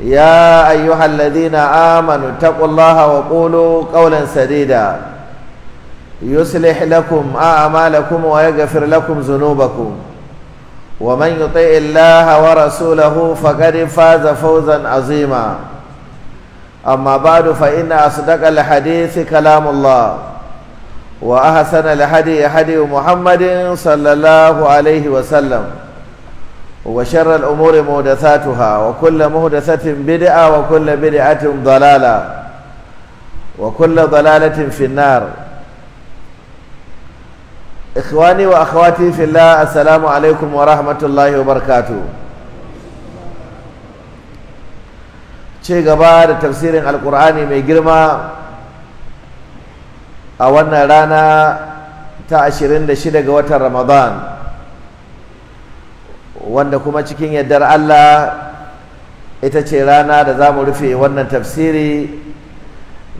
يا أيها الذين آمنوا اتقوا الله وقولوا قولا سديدا يصلح لكم أعمالكم ويغفر لكم ذنوبكم ومن يطع الله ورسوله فقد فاز فوزا عظيما أما بعد فإن أصدق الحديث كلام الله وأحسن الحديث حديث محمد صلى الله عليه وسلم وشر الأمور محدثاتها وكل محدثة بدعة وكل بدعة ضلالة وكل ضلالة في النار إخواني وأخواتي في الله السلام عليكم ورحمة الله وبركاته شيء غبار تفسير القرآن من جرمى أولنا رانا تا 26 ga watan Ramadan wanda kuma cikin yardar Allah ita ce rana da za mu rufe wannan tafsiri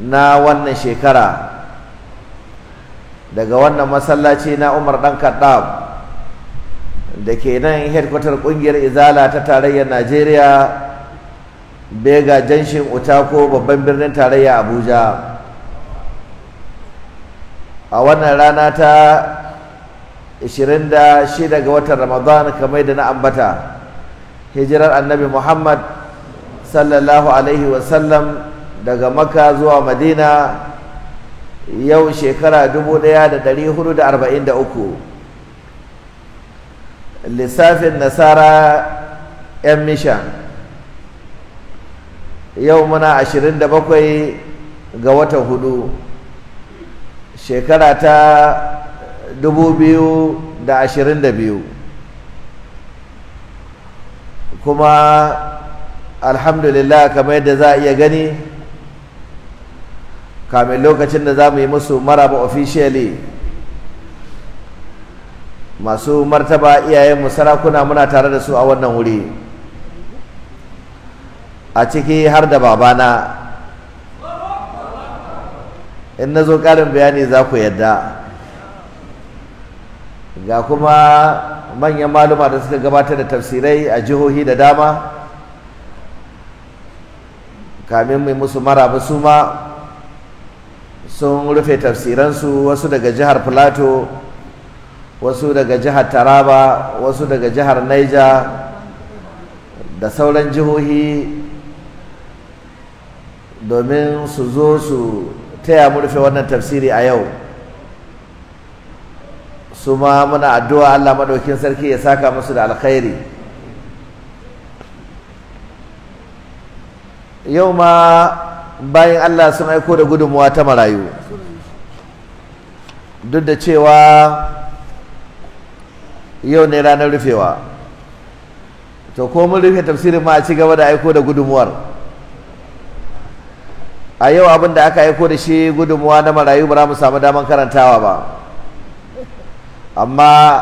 na wannan shekara daga wannan masallaci na Umar dan Kaddam da ke nan headquarter ƙungiyar Izala ta tarayyar Najeriya Bega Janshin Utako babban birnin tarayya Abuja a wannan rana ta 26 ga watan Ramadan kamar da na ambata hijirar Annabi Muhammad sallallahu alaihi wasallam daga maka zuwa Madina yau shekara 1443 lissafin nasara 'yan mishan yau muna 27 ga watan hudu shekara ta Dubu biyu da da ashirin biyu kuma alhamdulillah kamar yadda za a iya gani kamin lokacin da za mu yi musu maraba officially masu martaba iyayenmu sarakuna muna tare da su a wannan wuri a ciki har da babana in na zo ƙarin bayani za ku yadda ga kuma manyan maluma da suka gabatar da tafsirai a jihohi da dama kamin mai musu maraba su ma sun rufe tafsiransu wasu daga jihar plateau wasu daga jihar taraba wasu daga jihar naija da sauran jihohi domin su zo su taya mu rufe wannan tafsiri a yau su ma muna addu'a Allah madaukin sarki ya saka musu da alkhairi yau ma bayan Allah sun aiko da gudunmuwa ta marayu duk da cewa yau ne ranar rufewa to ko mun rufe tafsirin ma a ci gaba da aiko da gudunmuwar a yau abin da aka aiko da shi gudunmuwa na marayu ba za mu samu damar karantawa ba amma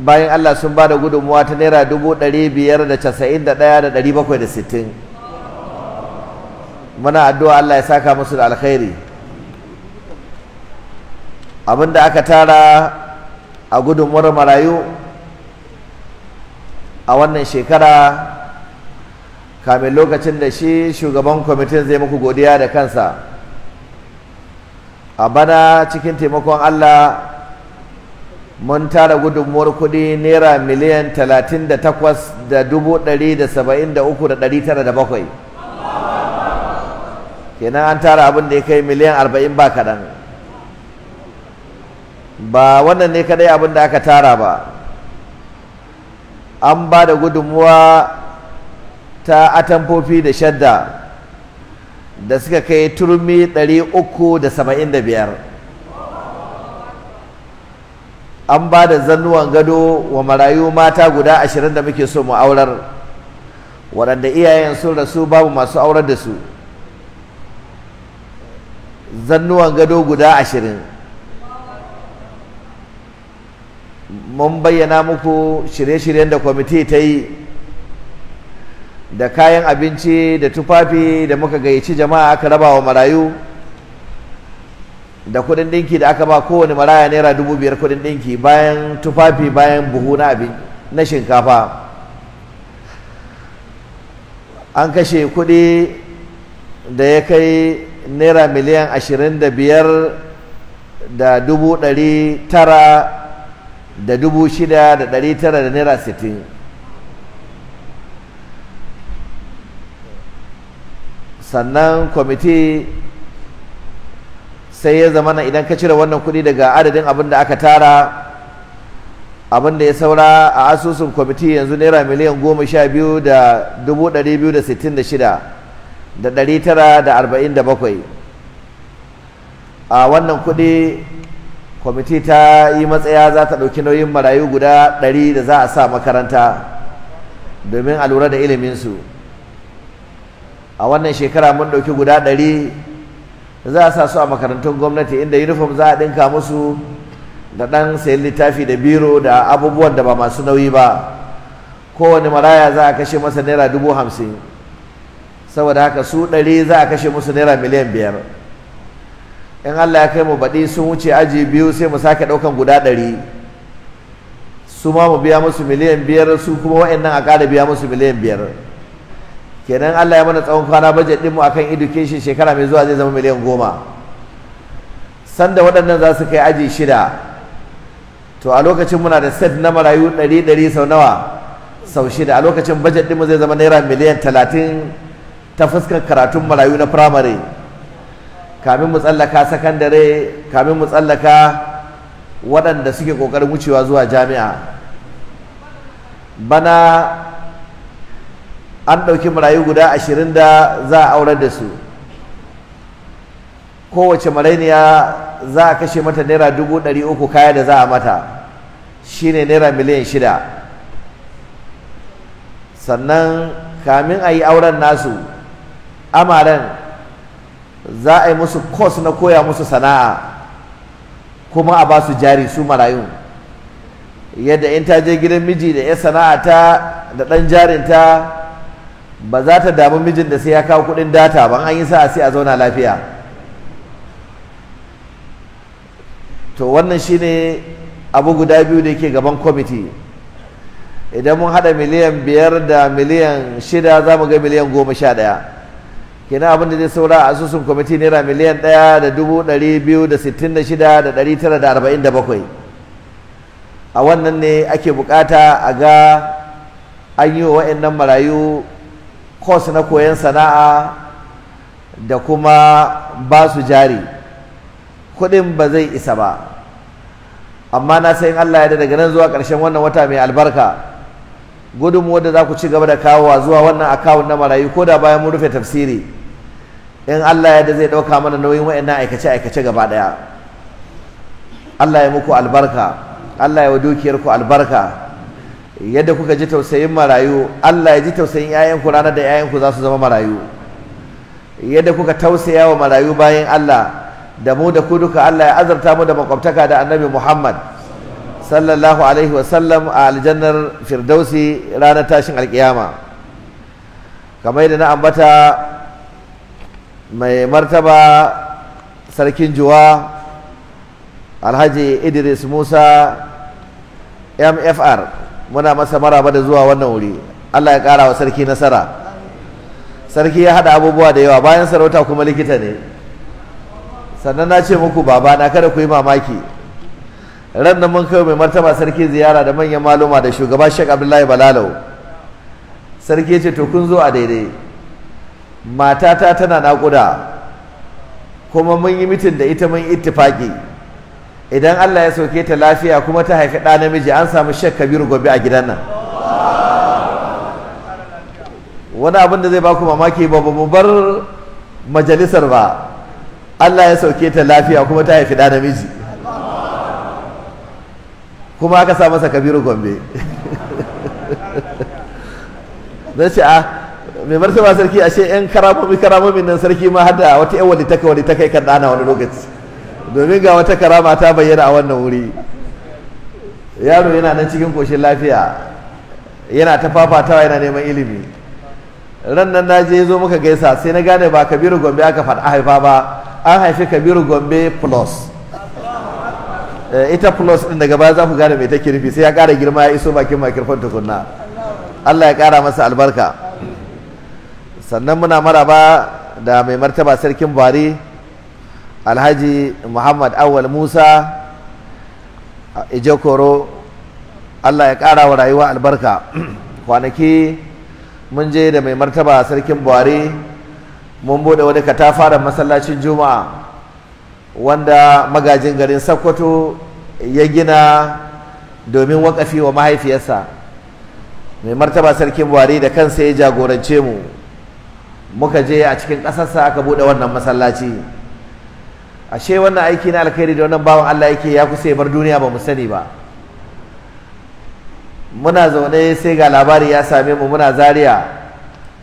bayan Allah sun ba da gudunmuwa ta naira dubu ɗari biyar da casa'in da ɗaya da ɗari bakwai da sittin muna addu'a Allah ya saka musu da alkhairi abin da aka tara a gudunmuwar marayu a wannan shekara kamin lokacin da shi shugaban kwamitin zai muku godiya da kansa a bana cikin taimakon Allah mun tara gudunmuwar kuɗi naira miliyan talatin da takwas da dubu ɗari da saba'in da uku da ɗari tara da bakwai kenan an tara abin da ya kai miliyan arba'in ba kaɗan ba wannan ne kaɗai abin da aka tara ba an ba da gudunmuwa ta atamfofi da shadda da suka kai turmi ɗari uku da saba'in da biyar an ba da zannuwan gado wa marayu mata guda ashirin da muke so mu aurar waɗanda iyayen sun rasu babu masu aurar da su zannuwan gado guda ashirin mun bayyana muku shirye-shiryen da kwamiti ta yi da kayan abinci da tufafi da muka gayyaci jama'a aka raba wa marayu da kudin dinki da aka ba kowane maraya naira dubu biyar kudin dinki bayan tufafi bayan buhu na abin na shinkafa an kashe kudi da ya kai naira miliyan ashirin da biyar da dubu ɗari tara da dubu shida da ɗari tara da naira sittin sannan kwamiti sai ya zama na idan ka cire wannan kuɗi daga adadin abin da aka tara abin da ya saura a asusun kwamiti yanzu naira miliyan goma sha biyu da dubu ɗari biyu da sittin da shida da ɗari tara da arba'in da bakwai a wannan kuɗi kwamiti ta yi matsaya za ta ɗauki nauyin marayu guda ɗari da za a sa makaranta domin a lura da iliminsu a wannan shekara mun ɗauki guda ɗari za a sa su a makarantun gwamnati inda uniform za a ɗinka musu da ɗan sayan littafi da biro da abubuwan da ba masu nauyi ba kowane maraya za a kashe masa naira dubu hamsin saboda haka su ɗari za a kashe musu naira miliyan biyar in allah ya kai mu baɗi sun wuce aji biyu sai mu sake ɗaukan guda ɗari su ma mu biya musu miliyan biyar su kuma waɗannan a ƙara biya musu miliyan biyar kenan Allah ya mana tsawon kwana budget din mu akan education shekara mai zuwa zai zama miliyan goma sanda waɗannan za su kai aji shida to a lokacin muna da set na marayu ɗari ɗari sau nawa sau shida a lokacin budget mu zai zama naira miliyan talatin ta fuskar karatun marayu na firamare kamin mu tsallaka sakandare kamin mu tsallaka waɗanda suke ƙoƙarin wucewa zuwa jami'a bana an ɗauki marayu guda ashirin da za a aurar da su kowace marainiya za a kashe mata naira dubu ɗari uku kaya da za a mata shine naira miliyan shida sannan kamin a yi auren nasu amaren za a yi musu kos na koya musu sana'a kuma a ba su jari su marayu. yadda in ta je gidan miji da ya sana'a ta da ɗan jarinta ba za ta damu mijin da sai ya kawo kudin data ban an yi sa'a sai a zauna lafiya to wannan shine abu guda biyu da yake gaban kwamiti idan mun hada miliyan biyar da miliyan shida za mu ga miliyan goma sha daya kenan abin da zai saura a asusun kwamiti naira miliyan daya da dubu dari biyu da sittin da shida da dari tara da arba'in da bakwai a wannan ne ake bukata a ga an yi wa wa'annan marayu course na koyon sana'a da kuma ba su jari kuɗin ba zai isa ba amma na sayin Allah ya da daga nan zuwa ƙarshen wannan wata mai albarka gudunmu da za ku ci gaba da kawowa zuwa wannan akawun na marayu ko da bayan mun rufe tafsiri in Allah ya da zai ɗauka mana nauyin wa'annan aikace-aikace gaba ɗaya Allah ya muku albarka Allah ya wa dukiyarku albarka yadda kuka ji tausayin marayu Allah ya ji tausayin yayanku ranar da yayanku za su zama marayu yadda kuka tausaya wa marayu bayan Allah da mu da ku duka Allah ya azarta mu da makwabtaka da annabi Muhammad sallallahu alaihi sallam a aljannar firdausi ranar tashin alkiyama kamar yadda na ambata mai martaba sarkin juwa alhaji idris musa mfr muna masa maraba da zuwa wannan wuri Allah ya kara wa sarki nasara sarki ya haɗa abubuwa da yawa bayan sarauta kuma likita ne sannan na ce muku baba na kada ku yi mamaki ran nan mun kai mai martaba sarki ziyara da manyan maluma da shugaba Sheikh Abdullahi Balalau sarki ya ce to kun zo a daidai matata tana naƙuda kuma mun yi mitin da ita mun ittifaki idan Allah ya soke ta lafiya kuma ta haifi ɗa namiji an samu shek kabiru gobe a gidan nan wani abin da zai baku mamaki ba ba mu bar majalisar ba Allah ya sauke ta lafiya kuma ta haifi ɗa namiji kuma aka sa masa kabiru gombe zai ce a ah, mai martaba sarki ashe yan karamomi karamomin nan sarki ma hada wata yan wadda ta kai wadda ta kai kan ɗana wani lokaci domin ga wata karama ta bayyana a wannan wuri yaro yana nan cikin koshin lafiya yana ta fafatawa yana neman ilimi ran nan na je zo muka gaisa sai na gane ba kabiru gombe aka faɗa haifa ba an haifi kabiru gombe plus eh, ita plus ɗin daga baya za ku gane mai ta kirfi sai ya ƙara girma ya iso bakin makirfon tukunna allah ya ƙara masa albarka sannan muna maraba da mai martaba sarkin bari alhaji muhammad awal musa ijekoro allah ya ƙara wa rayuwa albarka kwanaki mun je da mai martaba sarkin buhari mun bude wani katafaren masallacin juma'a wanda magajin garin sakkwato ya gina domin wakafi wa mahaifiyarsa mai martaba sarkin buhari da kansa ya jagorance mu muka je a cikin ƙasarsa aka bude wannan masallaci ashe wannan aiki na alkhairi da wannan bawan Allah yake ya kusa ya bar duniya ba mu sani ba muna zaune sai ga labari ya same mu muna zaria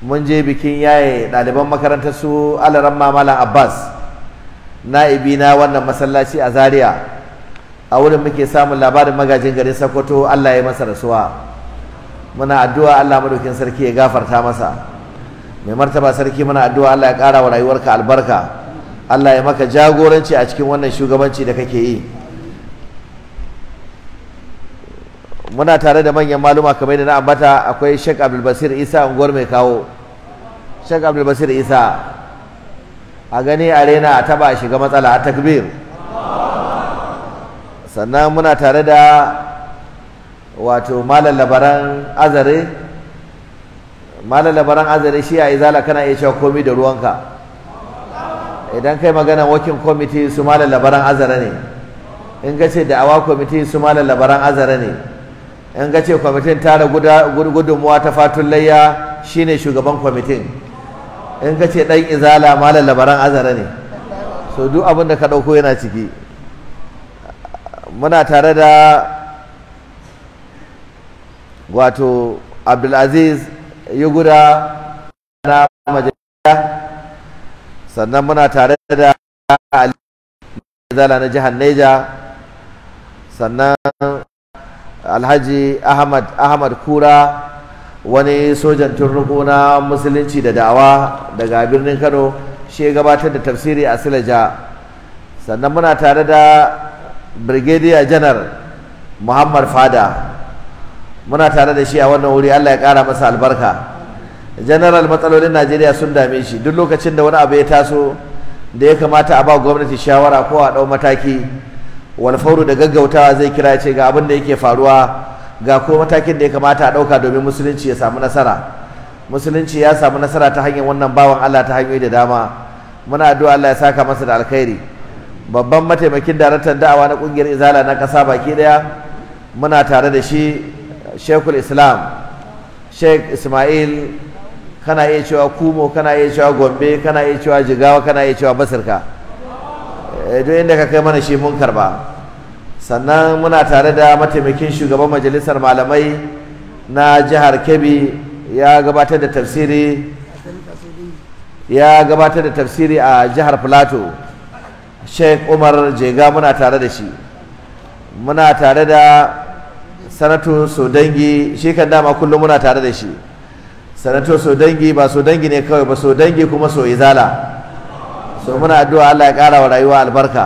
mun je bikin yaye ɗaliban makarantar su alaran mamala abbas na'ibi na wannan masallaci a zariya a wurin muke samun labarin magajin garin sokoto allah ya masa rasuwa muna addu'a allah madaukin sarki ya gafarta masa mai martaba sarki muna addu'a allah ya ƙara wa rayuwarka albarka Allah ya maka jagoranci a cikin wannan shugabanci da kake yi muna tare da manyan maluma kamar da na ambata akwai Sheikh Abdul Basir Isa unguwar mai kawo Sheikh Abdul Basir Isa a gani a rena a taba shiga matsala a takbir sannan muna tare da wato malar labaran azare malar labaran azare shi a izala kana iya cewa komi da ruwanka idan kai magana wakin kwamiti su ma labaran azara ne in ga ce da'awa kwamiti su ma labaran azara ne in ga ce kwamitin tara gudunmuwa ta fatun layya shine shugaban kwamitin in ga ce dan izala ma labaran azara ne so duk abin da ka ɗauko yana ciki muna tare da wato abdulaziz guda na majalisa sannan muna tare da Zala na jihar Neja sannan Alhaji Ahmad Ahmad Kura wani sojan turnuku na musulunci da dawa daga birnin Kano shi gabatar da tafsiri a Silaja sannan muna tare da Brigadier Janar Muhammad Fada muna tare da shi a wannan wuri Allah ya kara masa albarka general matsalolin najeriya sun dame shi duk lokacin da wani abu ya taso da ya kamata a ba gwamnati shawara ko a ɗau mataki walfauru da gaggautawa zai kira ce ga abin da yake faruwa ga ko matakin da ya kamata a ɗauka domin musulunci ya samu nasara musulunci ya samu nasara ta hanyar wannan bawan allah ta hanyoyi da dama muna addu'a allah ya saka masa da alkhairi babban mataimakin daraktan da'awa na kungiyar izala na kasa baki ɗaya muna tare da shi shekul islam sheikh ismail kana iya cewa kumo kana iya cewa gombe kana iya cewa jigawa kana iya cewa basirka eh, duk inda ka kai mana shi mun karba sannan muna tare da mataimakin shugaban majalisar malamai na jihar kebbi ya gabatar da tafsiri ya gabatar da tafsiri a jihar plateau sheikh umar jega muna tare da shi muna tare da sanatu sodangi shi kan dama kullum muna tare da shi sanato so dangi ba so dangi ne kawai ba so dangi kuma so izala so muna addu'a Allah ya ƙara wa rayuwa albarka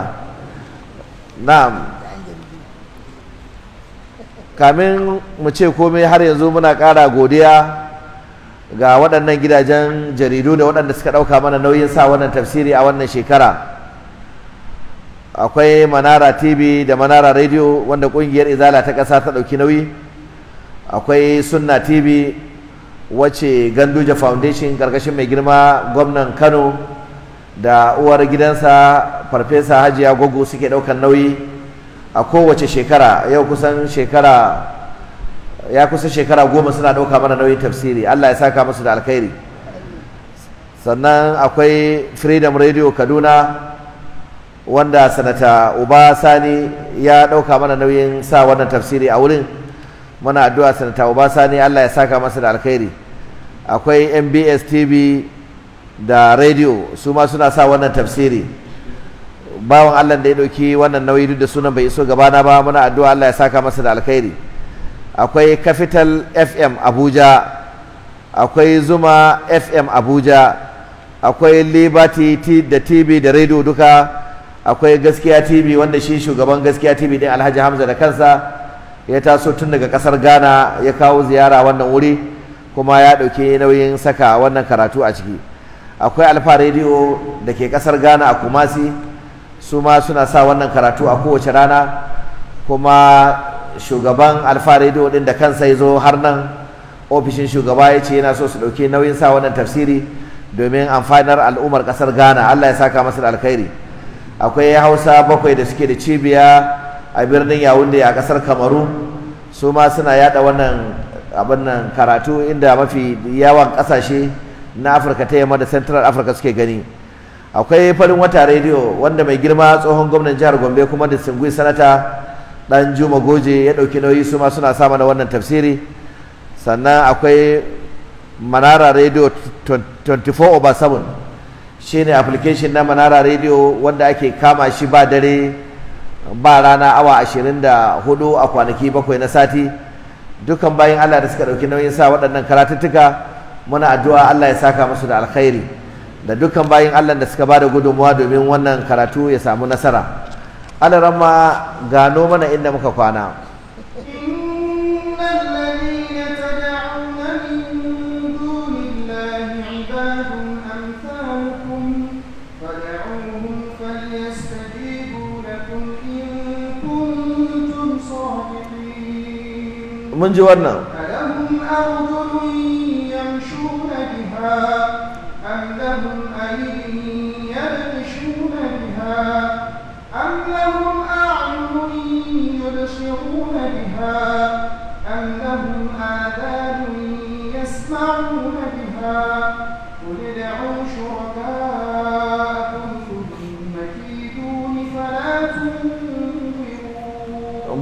na'am kamin mu ce komai har yanzu muna kara godiya ga waɗannan gidajen jaridu da waɗanda suka ɗauka mana nauyin sa wannan tafsiri a wannan shekara akwai manara tv da manara radio wanda ƙungiyar izala ta ƙasa ta ɗauki nauyi akwai sunna tv wace ganduja foundation karkashin mai girma gwamnan kano da uwar gidansa farfesa hajiya gogo suke daukan nauyi a kowace shekara yau kusan shekara ya kusa shekara goma suna dauka mana nauyin tafsiri allah ya saka musu da alkhairi sannan akwai freedom radio kaduna wanda sanata uba sani ya dauka mana nauyin sa wannan tafsiri a wurin muna addu'a sanata Obasa ne Allah ya saka masa da alkhairi akwai MBS TV da radio su ma suna sa wannan tafsiri bawan Allah da ya ɗauki wannan nauyi duk da sunan bai iso gabana ba muna addu'a Allah ya saka masa da alkhairi akwai Capital FM Abuja akwai Zuma FM Abuja akwai Liberty da TV da radio duka akwai Gaskiya TV wanda shi shugaban Gaskiya TV din Alhaji Hamza da kansa ya taso tun daga kasar Ghana ya kawo ziyara wannan wuri kuma ya dauke nauyin saka wannan karatu a ciki akwai alfa rediyo da ke kasar Ghana a Kumasi su ma suna sa wannan karatu a kowace rana kuma shugaban alfa rediyo din da kansa ya zo har nan ofishin shugaba ya ce yana so su dauke nauyin sa wannan tafsiri domin amfanar al'ummar kasar Ghana Allah ya saka masa alkhairi akwai Hausa bakwai da suke da cibiya a birnin yawunde a kasar kamaru su ma suna yada wannan abin nan karatu inda mafi yawan kasashe na afirka ta yamma da central africa suke gani akwai farin wata rediyo wanda mai girma tsohon gwamnan jihar gombe kuma da singui sanata dan juma goje ya dauki nauyi su ma suna sa mana wannan tafsiri sannan akwai manara radio 24 over 7 shine application na manara radio wanda ake kama shi ba dare ba rana awa ashirin da hudu a kwanaki bakwai na sati dukan bayan Allah da suka ɗauki nauyin sa waɗannan karatuttuka muna addu'a Allah ya saka musu da alkhairi da dukkan bayan Allah da suka bada gudunmuwa domin wannan karatu ya samu nasara. Alaramma gano mana inda muka kwana. من جوارنا ألهم أرجل يمشون بها أم لهم أيدي يبطشون بها أم لهم أعين يبصرون بها أم لهم آذان يسمعون بها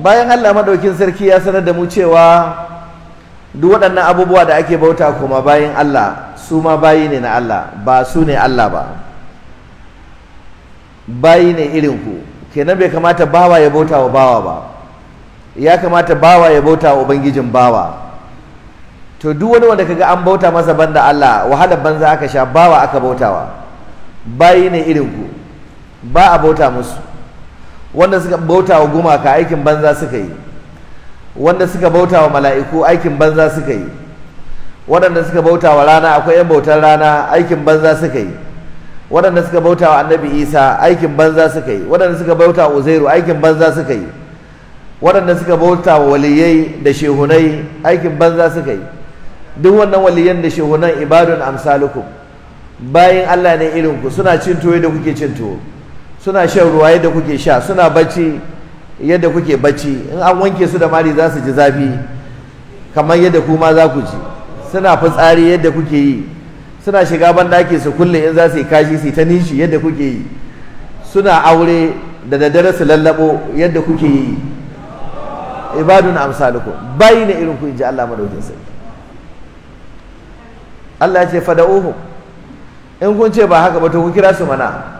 bayan Allah madaukin sarki ya sanar da mu cewa duk waɗannan abubuwa da ake bauta kuma bayan Allah su ma bayi ne na Allah ba su ne Allah ba bayi ne irin ku kenan bai kamata bawa ya bauta wa bawa ba ya kamata bawa ya bauta wa ubangijin bawa to duk wani wanda kaga an bauta masa banda Allah wahala banza aka sha bawa aka bautawa bayi ne irin ku ba a bauta musu wanda suka bauta wa gumaka aikin banza suka yi wanda suka bauta wa mala'iku aikin banza suka yi waɗanda suka bauta wa rana akwai 'yan bautar rana aikin banza suka yi waɗanda suka bauta wa annabi isa aikin banza suka yi waɗanda suka bauta wa uzairu aikin banza suka yi waɗanda suka bauta wa waliyai da shehunai aikin banza suka yi duk wannan waliyan da shehunan ibadun amsalukum Bayan allah ne irinku suna cin tuwo da kuke cin tuwo suna shan ruwa yadda kuke sha suna bacci yadda kuke bacci in an wanke su da mari za su ji zafi kamar yadda kuma za ku ji suna fitsari yadda kuke yi suna shiga banɗaki su kulle in za su yi kashi su ta nishi yadda kuke yi suna aure da daddare su lallabo yadda kuke yi ibadun amsalukum bai na irin ku in ji Allah madaukin sai Allah ya ce fada'uhum in kun ce ba haka ba to ku kira su mana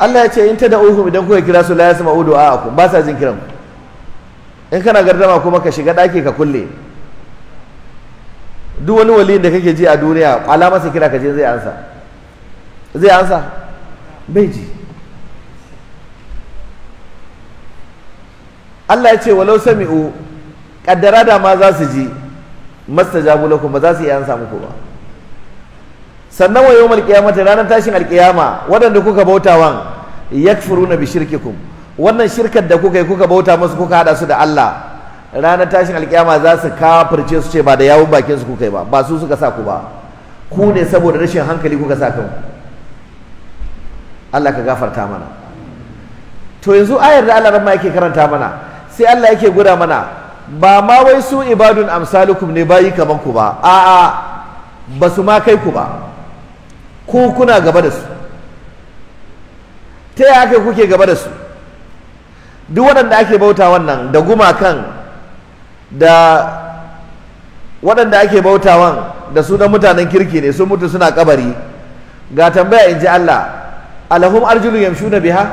Allah ya ce in ta da uku idan kuka kira su la ya a ku ba sa jin kiran in kana gardama kuma ka shiga daki ka kulle duk wani wali da kake ji a duniya alama masa kira ka je zai ansa zai ansa bai ji Allah ya ce walau sami'u qaddara da ma za su ji mastajabu lakum ba za su iya ansa muku ba sannan wa yawmal qiyamati ranar tashin alqiyama waɗanda kuka bauta bautawan yakfuruna bi shirkikum wannan shirkar da kuka yi kuka bauta musu kuka hada su da Allah ranar tashin alkiyama za su kafirce su ce ba da yawun bakin su kuka yi ba ba su suka sa ku ba ku ne saboda rashin hankali kuka sa kanku Allah ka gafarta mana to yanzu ayar da Allah ramma yake karanta mana sai Allah yake gura mana ba ma wai su ibadun amsalukum ne bayi kaman ku ba a'a ba su ma kai ku ba ko kuna gaba da su ta yaya haka kuke gaba da su duk waɗanda ake bauta wannan da gumakan da waɗanda ake bautawan da sunan mutanen kirki ne sun mutu suna kabari ga tambaya in ji Allah alahum yamshu na biha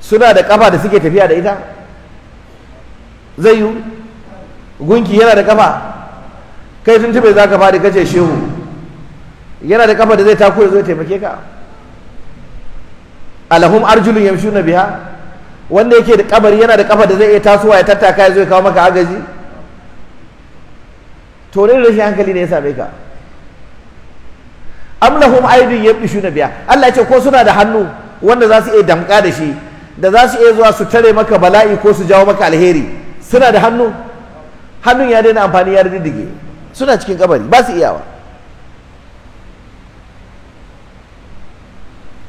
suna da kafa da suke tafiya da ita zai yi gunki yana da kafa kai tun tube za ka fadi kace shehu yana da kafa da zai tako ya zo taimake ka alahum arjulun yamshuna biha wanda yake da kabari yana da kafa da zai iya tasowa ya tattaka ya zo ya kawo maka agaji to ne rashin hankali ne ya same ka am lahum aydun yabshuna biha Allah ya ce ko suna da hannu wanda za su iya damka da shi da za su iya zuwa su tare maka bala'i ko su jawo maka alheri suna da hannu hannun ya daina amfani ya diddige suna cikin kabari ba su iyawa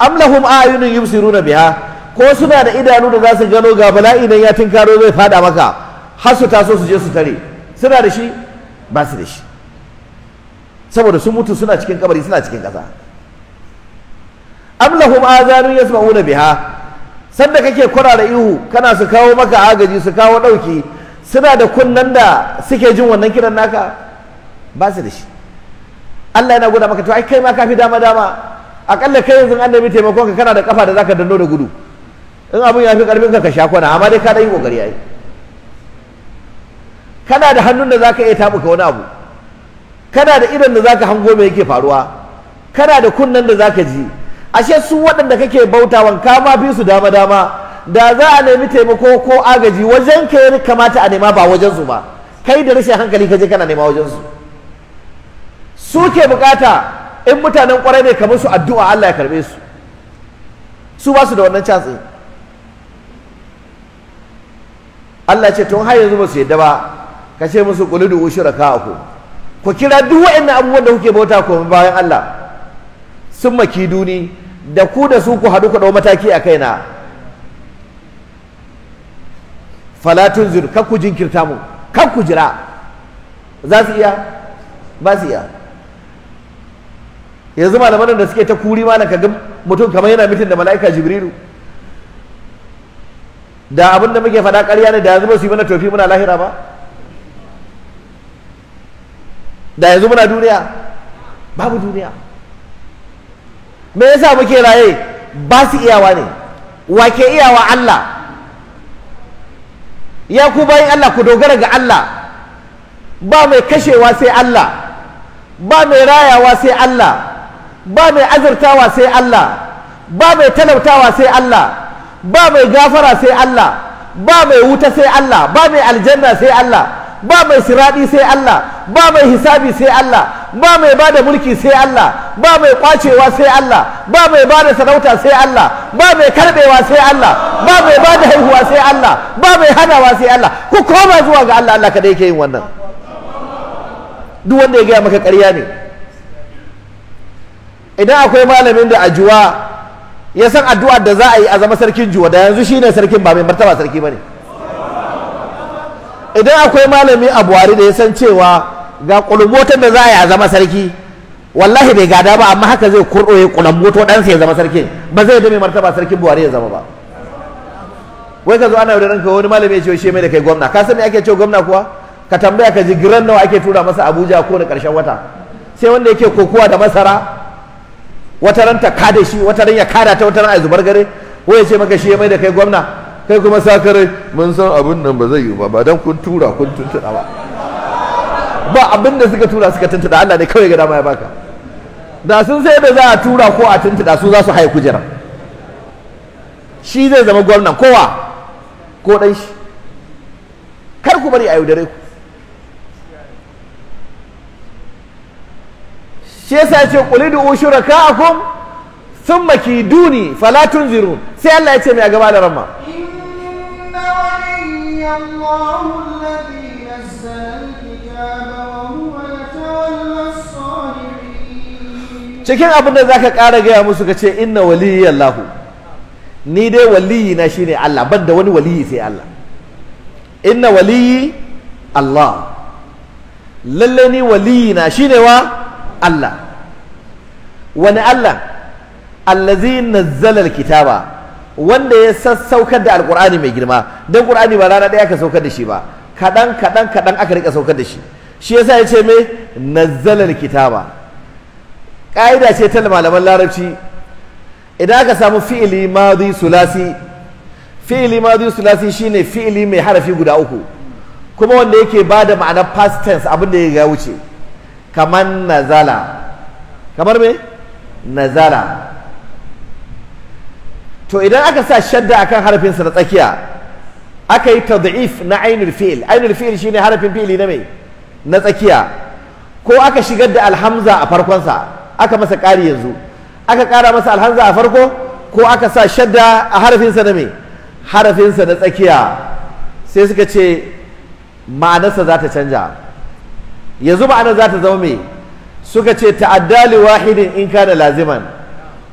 am lahum ayunun yubsiruna biha ko suna da idanu da za su gano ga bala'i nan ya tinkaro zai fada maka har su taso su je su tare suna da shi ba su da shi saboda sun mutu suna cikin kabari suna cikin ƙasa am lahum azanun yasma'una biha sanda kake kura da ihu kana su kawo maka agaji su kawo ɗauki suna da kunnan da suke jin wannan kiran naka ba su da shi Allah yana gwada maka to ai kai ma ka fi dama dama akalla kai yanzu an nemi taimakon ka kana da kafa da zaka danno da gudu in abun ya fi karfin ka ka sha kwana amma dai ka dai kokari yayi kana da hannun da zaka iya tabuka wani abu kana da idon da zaka hango me yake faruwa kana da kunnan da zaka ji ashe su waɗanda kake bauta ka ma fi su dama dama da za a nemi taimako ko agaji wajen ka ya kamata a nema ba wajen su ba kai da rashin hankali ka je kana nema wajen su ke bukata in mutanen kwarai ne kamar su addu'a Allah ya karbe su su ba su da wannan chance Allah ce tun har yanzu ba su yadda ba ka ce musu qul du'u shuraka'akum ku kira duk wa'annan abubuwan da kuke bauta ku bayan Allah sun maki duni da ku da su ku haɗu ku ɗau mataki a kaina falatun zir kan ku jinkirta mu kan ku jira za su iya ba su iya yanzu malaman da suke ta kuri malam kaga mutum kamar yana mitin da mala'ika jibrilu da abin da muke faɗa ƙarya ne da yanzu ba su yi mana tofi muna lahira ba da yanzu muna duniya babu duniya me yasa muke raye ba su iyawa ne wa ke iyawa Allah ya ku bayan Allah ku dogara ga Allah ba mai kashewa sai Allah ba mai rayawa sai Allah ba mai azurtawa sai Allah ba mai talautawa sai Allah ba mai gafara sai Allah ba mai wuta sai Allah ba mai aljanna sai Allah ba mai siradi sai Allah ba mai hisabi sai Allah ba mai bada mulki sai Allah ba mai kwacewa sai Allah ba mai bada sarauta sai Allah ba mai karbewa sai Allah ba mai bada haihuwa sai Allah ba mai hanawa sai Allah ku koma zuwa ga Allah Allah kadai yake yin wannan duk wanda ya gaya maka ƙarya ne idan akwai malamin da ajuwa ya san addu'ar da za a yi a zama sarkin juwa da yanzu shine sarkin ba mai martaba sarki bane idan akwai malami a buhari da ya san cewa ga kulumbotan da za a yi a zama sarki wallahi bai gada ba amma haka zai kurɗo ya kulumboto ɗansa ya zama sarki ba zai da mai martaba sarkin buhari ya zama ba wai ka zo ana yaudaran ka wani malami ya ce shi mai da kai gwamna ka san me ake cewa gwamna kuwa ka tambaya ka ji giran nawa ake tura masa abuja ko da ƙarshen wata sai wanda yake kokowa da masara wata ran ta kada shi wata ran ya kada ta wata ran a zubar gare ko ya ce maka shi ya mai da kai gwamna kai kuma sakare mun san abin nan ba zai yi ba ba dan kun tura kun tuntuna ba ba abin da suka tura suka tuntuna Allah ne kawai ga dama ya baka da sun sai da za a tura ko a tuntuna su za su haye kujera shi zai zama gwamnan kowa ko ɗan shi kar ku bari a yaudare ku shi yasa ce qul ud'u shuraka'akum thumma kiduni fala tunziru sai Allah ya ce mai a gaba da ramma inna waliyallahu alladhi cikin abin da ka ƙara gaya musu ka ce inna Allah ni dai waliyi na ne Allah ban da wani waliyi sai Allah inna waliyi Allah lallani ni waliyi na ne wa Allah wani Allah allazi nazzala alkitaba wanda ya sassaukar da Alƙur'ani mai girma dan ƙur'ani ba rana daya ka saukar da shi ba kaɗan kaɗan kaɗan aka rika saukar da shi shi yasa ya ce me nazzala kitaba ƙa'ida ce ta malaman larabci idan aka samu fi'ili madi sulasi fi'ili madi sulasi shine fi'ili mai harafi guda uku kuma wanda yake bada ma'anar past tense abin da ya wuce kamar nazala kamar me nazara to idan aka sa shadda akan harafinsa na tsakiya aka yi tad'if na ainul fi'il ainul fi'il shine harafin fi'ili na mai na tsakiya ko aka shigar da alhamza a farkonsa aka masa ƙari yanzu aka ƙara masa alhamza a farko ko aka sa shadda a harafinsa na mai harafinsa na tsakiya sai suka ce ma'anarsa za ta canja yanzu ma'anar za ta zama mai suka ce ta'addali wahidin in kana laziman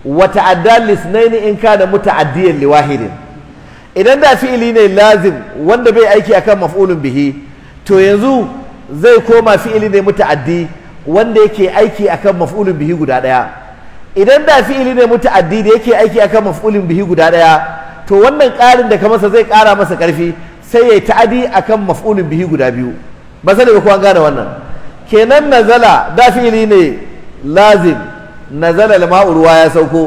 wa ta'adda sunaini in kana muta'addiyan li wahidin idan da fi'ili ne lazim wanda bai aiki akan maf'ulun bihi to yanzu zai koma fi'ili ne muta'addi wanda yake aiki akan maf'ulun bihi guda daya idan da fi'ili ne muta'addi da yake aiki akan maf'ulun bihi guda daya to wannan karin da ka masa zai kara masa karfi sai ya ta'addi ta'adi akan maf'ulun bihi guda biyu ba sai da ku an gane wannan kenan nazala da fili ne lazim nazala da mau ruwa ya sauko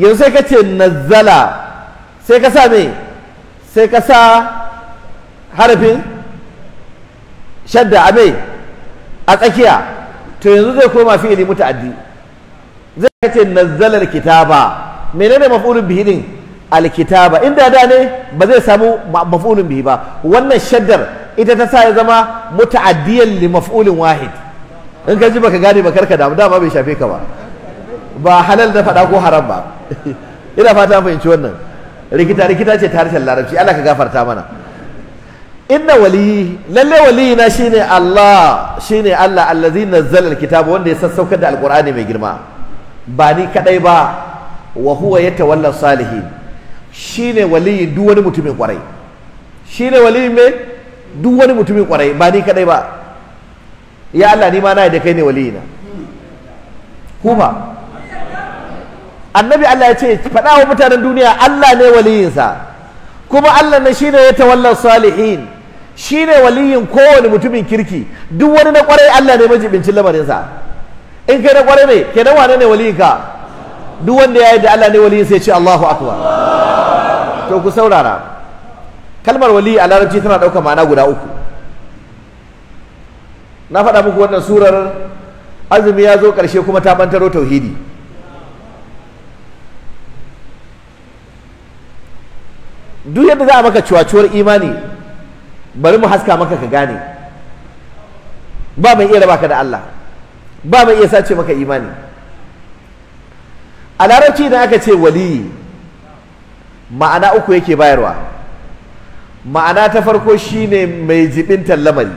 yanzu sai ka ce nazala sai ka sa me sai ka sa harafin shadda abai a tsakiya to yanzu zai koma mutu muta'addi zai ka ce nazalar kitaba menene maf'ulun bihidin din alkitaba inda da ne ba zai samu maf'ulun bihi ba wannan shaddar ita ta sa ya zama muta'addiyan li maf'ulin wahid in ka ji baka gane ba karka damu dama bai shafe ka ba ba halal na faɗa ko haram ba ina fata fahimci wannan rikita rikita ce ta harshen larabci Allah ka gafarta mana inna waliyi lalle waliyi na shine Allah shine Allah allazi nazzala alkitab wanda ya sassaukar da alqur'ani mai girma ba ni kadai ba wa huwa yatawalla salihin shine waliyi duk wani mutumin kwarai shine waliyi me duk wani mutumin kwarai ba ni kadai ba ya Allah ni ma na da kai ne waliyina ku ba annabi Allah ya ce faɗa wa mutanen duniya Allah ne waliyinsa kuma Allah ne shine ya tawallar salihin shine waliyin kowane mutumin kirki duk wani na kwarai Allah ne majibincin lamarinsa in kai na kwarai ne kenan wane ne waliyinka duk wanda ya yi da Allah ne waliyin sai ce Allahu akbar to ku saurara kalmar wali a larabci tana ɗaukar ma'ana guda uku na faɗa muku wannan surar azumi ya zo ƙarshe kuma ta ɓantaro tauhidi duk yadda za a maka cuwacuwar imani bari mu haska maka ka gane ba mai iya raba da Allah ba mai iya sace maka imani a larabci idan aka ce waliyi ma'ana uku yake bayarwa ma'ana ta farko shine mai jibin lamari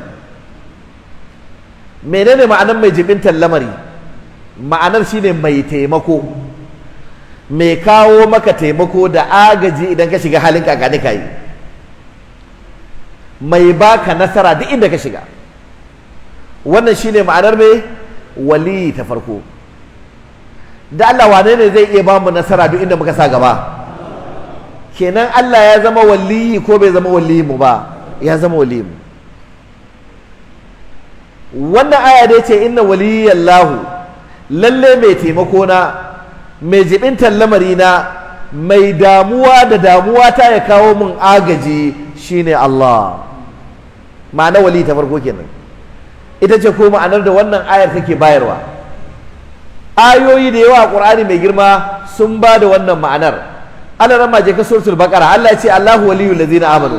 menene ma'anar mai jibin lamari ma'anar shine mai taimako mai kawo maka taimako da agaji idan ka shiga halin kakani ka yi mai baka nasara duk inda ka shiga wannan shine ma'anar mai wali ta farko da Allah wane ne zai iya ba mu nasara duk inda muka sa gaba kenan Allah ya zama waliyi ko bai zama waliyi mu ba ya zama waliyi mu wannan aya da ce inna waliyallahu lalle mai taimako na mai jibin lamari na mai damuwa da damuwa ta ya kawo min agaji shine Allah ma'ana wali ta farko kenan ita ce ko ma'anar da wannan ayar take bayarwa ayoyi da yawa a ƙur'ani mai girma sun ba da wannan ma'anar Allah rama je ka suratul baqara Allah ya ce Allahu waliyul ladina amanu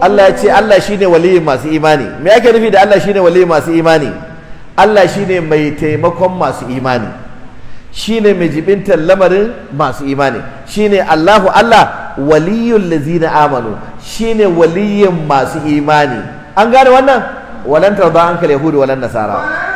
Allah ya ce Allah shine waliyin masu imani me yake nufi da Allah shine waliyin masu imani Allah shine mai taimakon masu imani shine mai jibintar lamarin masu imani shine Allahu Allah waliyul ladina amanu shine waliyin masu imani an gane wannan walan tarda anka al-yahud walan nasara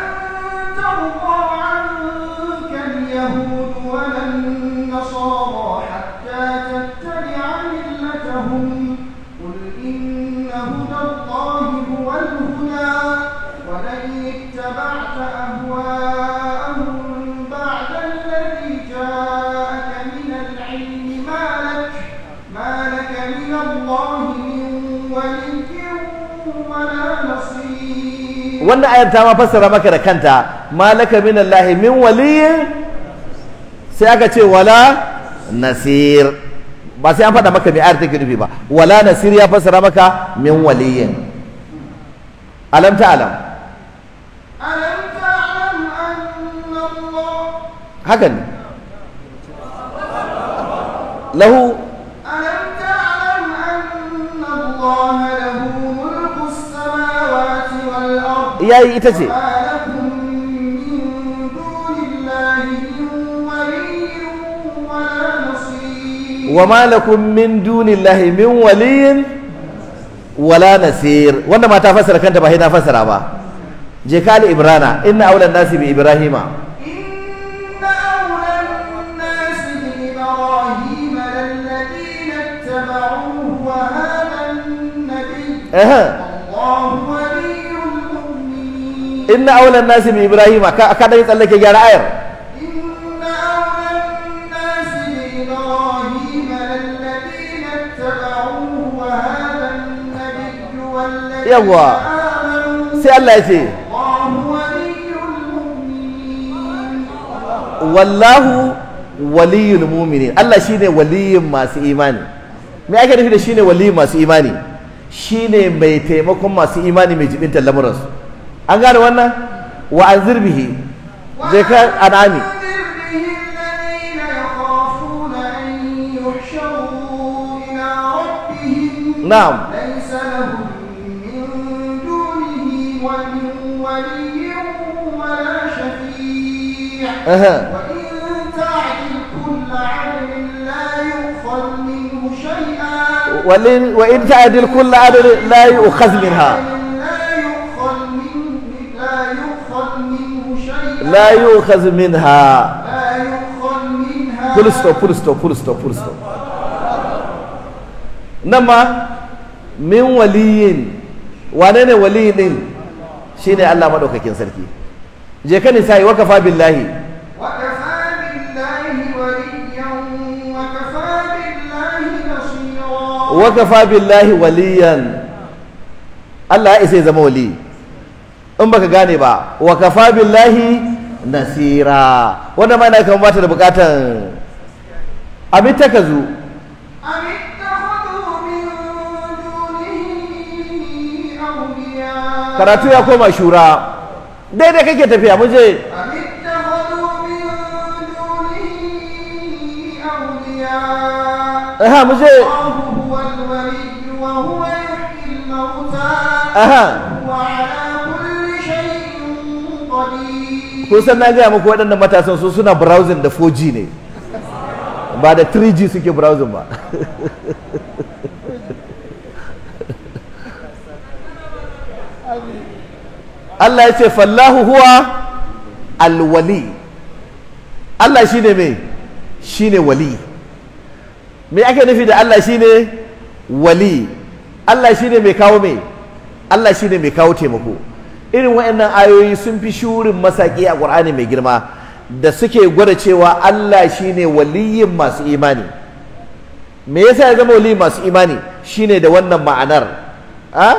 wannan ayar ta ma fassara maka da kanta malaka min Allah min waliyin sai aka ce wala nasir ba sai an faɗa maka mai ayar take nufi ba wala nasir ya fassara maka min waliyin alam ta alam haka ne lahu yayi ita ce wa malakum min dunillahi min waliyin wala nasir wanda mata ta fassara kanta ba sai na fassara ba je kali ibrana inna awlan nasi bi ibrahima wa Uhum. inna aulan nasi bi ibrahim ka ka dai tsallake gyara ayar yawwa sai Allah ya ce wallahu waliyul mu'minin Allah shine waliyin masu imani me ake nufi da shine waliyin masu imani shine mai taimakon masu imani mai jibin lamuransu an gane wannan wa an zirbihi zai kan wa in ta'dil kullu adl la yu'khadh minha la yu'khaz minha full stop full stop full stop full stop nan ma min waliyin wane ne waliyin din shine Allah madaukakin sarki je ka nisa'i wa kafa billahi wa kafa billahi waliyan Allah ya ya zama wali in baka gane ba wa kafa billahi nasira wanda ma yana kama bata da bukatan abin ta ka zo karatu ya koma shura daidai kake tafiya mu je aha mu je aha ko san na gaya muku waɗannan matasan su suna browsing da 4G ne ba da 3G suke browsing ba Allah ya ce fallahu huwa alwali Allah shine shi shine wali me ake nufi da Allah shine wali Allah shine mai kawo me Allah shine mai kawo taimako irin waɗannan ayoyi sun fi shurin masaki a ƙur'ani mai girma da suke gwada cewa Allah shine waliyin masu imani me yasa ya zama waliyin masu imani shine da wannan ma'anar a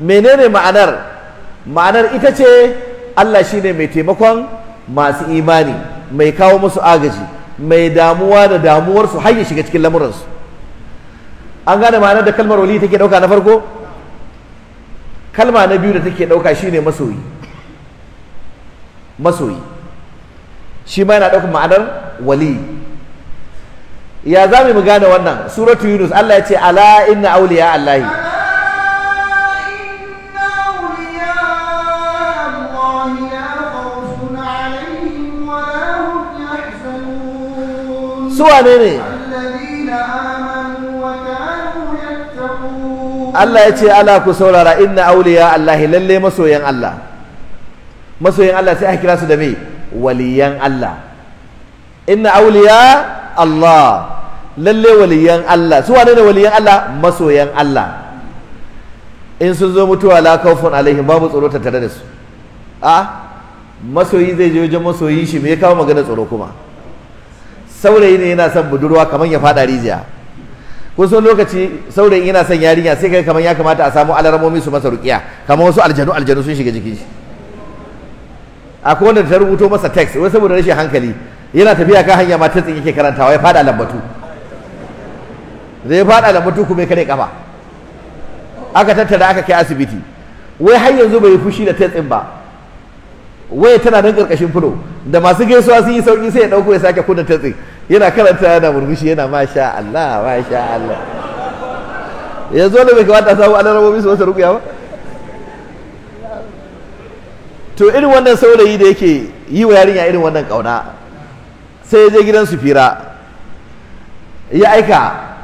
menene ma'anar ma'anar ita ce Allah shine mai taimakon masu imani mai kawo musu agaji mai damuwa da damuwarsu har ya shiga cikin lamuransu an gane ma'anar da kalmar wali take ɗauka na farko kalma na biyu da take dauka shine masoyi masoyi shi ma yana dauka ma'anar wali ya za mu gane wannan suratu yunus allah ya ce ala inna auliya allah su wane ne Allah ya ce ala ku saurara inna auliya Allah lalle masoyan Allah masoyan Allah sai a kira su da me waliyan Allah inna auliya Allah lalle waliyan Allah su wane ne waliyan Allah masoyan Allah in sun zo mutuwa la kaufun alaihim babu tsoro tattare da su a masoyi zai je wajen masoyi shi me ya kawo magana tsoro kuma saurayi ne yana son budurwa kamar ya fada rijiya wasu lokaci saurayin yana son yarinya sai kai kamar ya kamata a samu alarmomi su masa rukiya kamar wasu aljanu aljanu sun shiga jikin shi akwai wanda ta rubuto masa text wai saboda rashin hankali yana tafiya ka hanya ma tatsin yake karantawa ya fada lambatu zai fada lambatu kuma ya kare kafa aka tattara aka kai asibiti wai har yanzu bai fushi da tatsin ba wai tana nan karkashin fulo da masu gaisuwa sun yi sauki sai ya dauko ya sake kunna tatsin yana karanta yana murmushi yana masha Allah masha Allah yanzu wanda bai kamata samu alarabobi su masa rukuya ba to irin wannan saurayi da yake yi wa yarinya irin wannan kauna sai ya je gidan su fira ya aika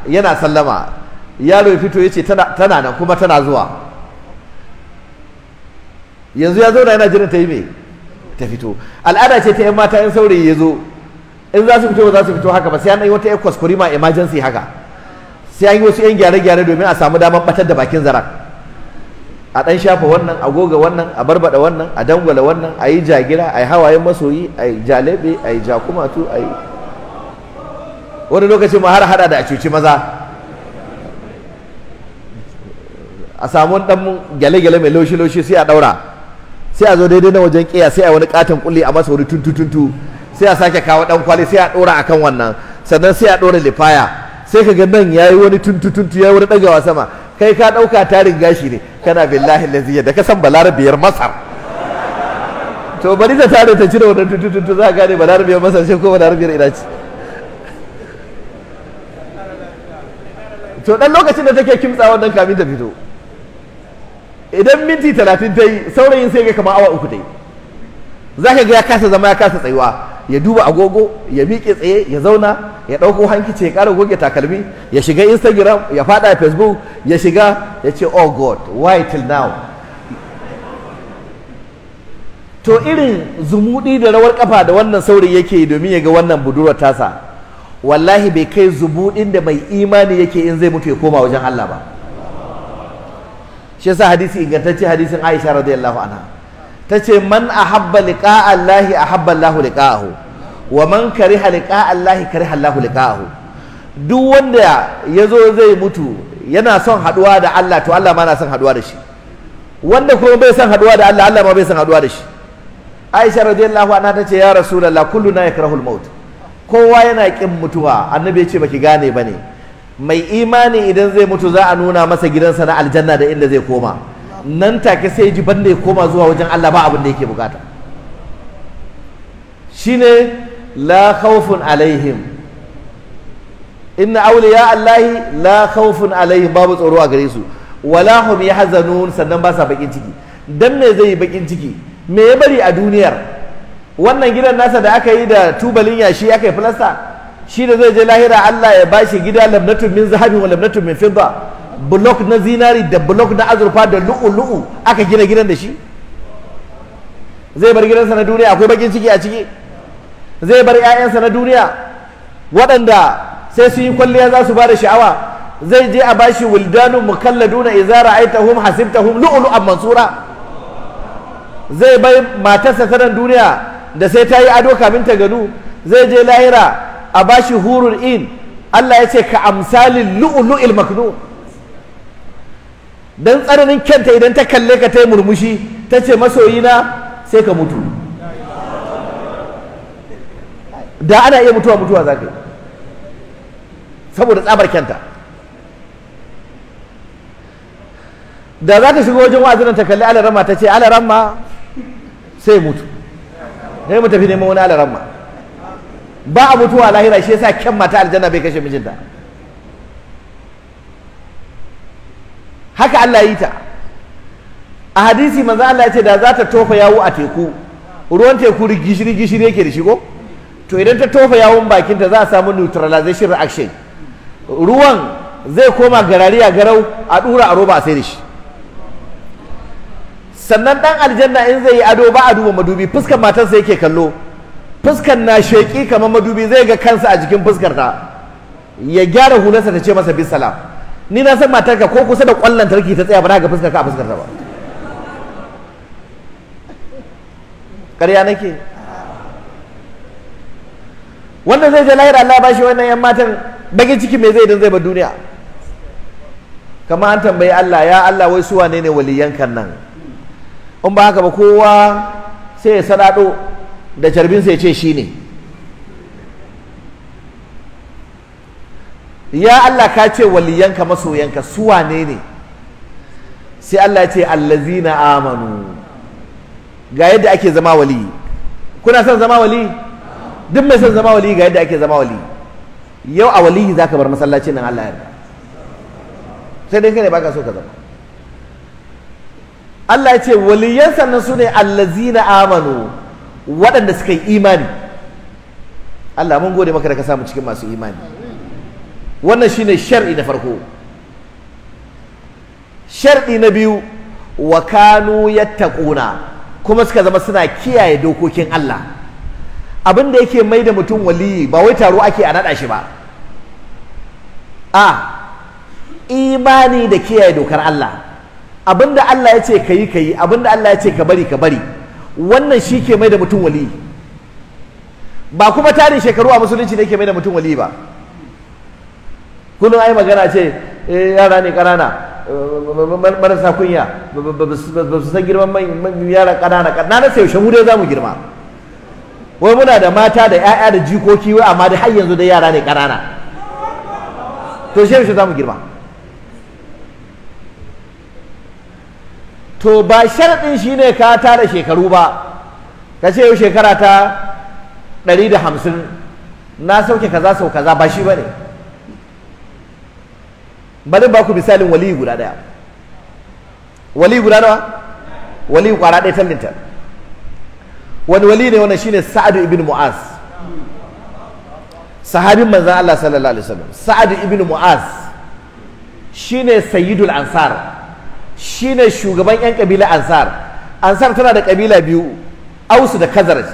yana sallama yaro ya fito ya ce tana nan kuma tana zuwa yanzu ya zauna yana jiran ta yi mai ta fito al'ada ce ta 'yan mata 'yan saurayi ya zo in za su fito ba za su fito haka ba sai an yi wata ekwas ma emergency haka sai an yi wasu yan gyare-gyare domin a samu damar batar da bakin zaran a ɗan shafa wannan a goga wannan a barbada wannan a dangwala wannan a yi jagira a yi hawayen masoyi a yi jalebe a yi jakumatu a yi wani lokaci ma har hada da a cuci maza a samu dan gyale-gyale mai laushi-laushi sai a daura sai a zo daidai na wajen kiya sai a wani katon kulle a masa wani tuntu-tuntu sai a sake kawo dan kwali sai a dora akan wannan sannan sai a dora lifaya sai kaga nan yayi wani tuntutuntu yayi wani dagawa sama kai ka dauka tarin gashi ne kana billahi lazi da ka san balarabiyar masar to bari ta tare ta cire wannan tuntutuntu za ka gane balarabiyar masar sai ko balarabiyar ina ce to dan lokacin da take kimtsa wannan kamin ta fito idan minti talatin ta yi saurayin sai ga kamar awa uku ta yi za ka ga ya kasa zama ya kasa tsayuwa ya duba agogo ya miƙe tsaye ya zauna ya ɗauko hankici ya ƙara goge takalmi ya shiga instagram ya faɗa facebook ya shiga ya ce oh god why till now to irin zumuɗi da rawar kafa da wannan sauri yake domin ya ga wannan budurwar tasa wallahi bai kai zumuɗin da mai imani yake in zai mutu ya koma wajen Allah ba shi yasa hadisi ingantacce hadisin Aisha radiyallahu anha ta ce man a habba liƙa Allahi ahabba Allahu liqa'ahu wa man kariha liƙa Allahi kariha Allahu liqa'ahu duk wanda ya zo zai mutu yana son haduwa da Allah to Allah ma na son haduwa da shi wanda kuma bai son haduwa da Allah Allah ma bai son haduwa da shi Aisha radiyallahu anha ce ya Rasulullah yakrahu al maut kowa yana kin mutuwa annabi ya ce baki gane bane mai imani idan zai mutu za a nuna masa gidansa na aljanna da inda zai koma nan take sai ji banda ya koma zuwa wajen Allah ba abin da yake bukata shine la khawfun alaihim inna awliya allahi la khawfun alaihim babu tsoro a gare su wala hum yahzanun sannan ba sa bakin ciki dan me zai yi bakin ciki me ya bari a duniyar wannan gidan nasa da aka yi da tubalin yashi aka yi filasta shi da zai je lahira Allah ya bashi gida lamnatun min zahabi wa lamnatun min fidda blok na zinari da blok na azurfa da lu'u-lu'u aka gina gidan da shi zai bar gidansa na duniya akwai bakin ciki a ciki zai bar 'ya'yansa na duniya waɗanda sai su yi kwalliya za su ba da sha'awa zai je a bashi wildanu mukalladuna idza ra'aitahum hasibtahum lu'lu'an mansura zai bai matarsa ta nan duniya da sai ta yi ado kamin ta gadu zai je lahira a bashi hurun in Allah ya ce ka amsalin lu'lu'il maknun dan tsananin kyanta idan ta kalle ka ta yi murmushi ta ce masoyina sai ka mutu da ana iya mutuwa mutuwa za ka yi saboda tsabar kyanta da za ta shiga wajen wa'azin ta kalli alaramma ta ce alaramma sai mutu sai mu tafi neman wani alaramma ba a mutuwa lahira shi yasa kyan mata aljanna bai kashe mijinta haka Allah yi ta a hadisi manzo Allah ya ce da za ta tofa yawo a teku ruwan teku rigishiri gishiri yake da shigo to idan ta tofa yawon bakinta za a samu neutralization reaction ruwan zai koma garari a garau a dura a roba a sai da shi sannan dan aljanna in zai yi ado ba a duba madubi fuskar matarsa yake kallo fuskan na sheki kamar madubi zai ga kansa a jikin fuskarta ya gyara hularsa ta ce masa bisalam ni na san matarka ko kusa da kwallon tarki ta tsaya ba na ga fuskar ka a fuskar ba ƙarya nake wanda zai je lahira Allah ba shi wannan yan matan bakin ciki me zai dan zai ba duniya kama an tambayi Allah ya Allah wai su wane ne waliyankan nan in ba haka ba kowa sai ya sadado da jarbin sai ya ce shine ya Allah ka ce waliyanka masoyanka su wane ne sai Allah ya ce allazina amanu ga yadda ake zama wali kuna son zama wali duk mai son zama wali ga yadda ake zama wali yau a wali za ka bar masallacin nan Allah ya yarda sai dai kai ne baka so ka zama Allah ya ce waliyan sannan su ne allazina amanu waɗanda suka yi imani Allah mun gode maka da ka samu cikin masu imani wannan shine shar'i na farko shar'i na biyu wa kanu yattaquna kuma suka zama suna kiyaye dokokin Allah abin da yake mai da mutum waliyi ba wai taro ake a nada shi ba a imani da kiyaye dokar Allah abin da Allah ya ce ka ka yi abin da Allah ya ce ka bari ka bari wannan shi ke mai da mutum waliyi ba kuma tarin shekaru a musulunci ne ke mai da mutum waliyi ba kullum a'yi magana ce eh, yara ne ƙanana eh, marasa kunya ba su san girman yara ƙanana ƙanana sai yaushe mu dai girma wai muna da mata da 'ya'ya da jikoki wai amma da har yanzu da yara ne ƙanana to shi yaushe za girma to ba sharaɗin shi ne ka tara shekaru ba ka ce yau shekara ta ɗari da hamsin na sauke kaza sau kaza ba shi ba ne bari ba ku misalin waliyu guda daya wali guda nawa waliyu kwara daya tallinta wani wali ne wannan shine sa'ad ibn mu'az sahabin manzon Allah sallallahu alaihi wasallam sa'ad ibn mu'az shine sayyidul ansar shine shugaban yan kabila ansar ansar tana da kabila biyu ausu da khazraj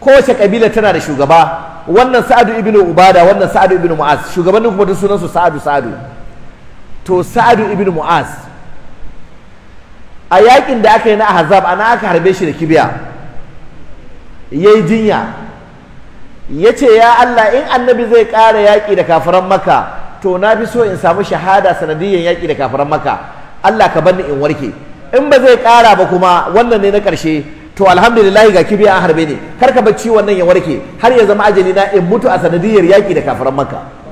kowace kabila tana da shugaba wannan sa'ad ibn ubada wannan sa'ad ibn mu'az shugabannin kuma duk sunan su sa'adu sa'adu to sa'adu ibn mu'az a yakin da aka yi na Ahazab ana aka harbe shi da kibiya yayi jinya yace ya Allah in annabi zai ƙara yaƙi da kafaran maka to na fi so in samu shahada sanadiyyar yaki da kafiran maka Allah ka bani in warke in ba zai ƙara ba kuma wannan ne na ƙarshe to alhamdulillah ga kibiya an harbe ne kar ka bar ciwon nan ya warke har ya zama ajali na in mutu a sanadiyyar yaki da kafiran maka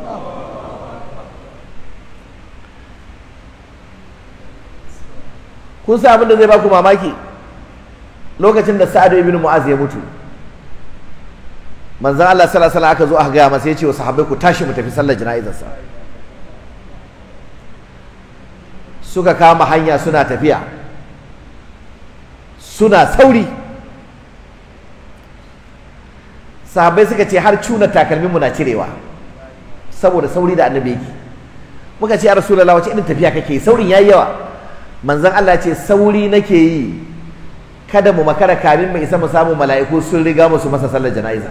kun sa abin da zai baku mamaki lokacin da sa'adu ibn mu'az ya mutu manzon Allah sallallahu alaihi aka zo aka gaya masa ya ce wa sahabbai ku tashi mu tafi sallar jana'izarsa suka kama hanya suna tafiya suna sauri sahabbai suka ce har cuna takalmin mu na cirewa saboda sauri da annabi yake muka ce ya rasulullahi wace irin tafiya kake saurin yayi yawa manzon Allah ce sauri nake yi kada mu makara kamin mai isa mu samu mala'iku sun riga musu masa sallar jana'iza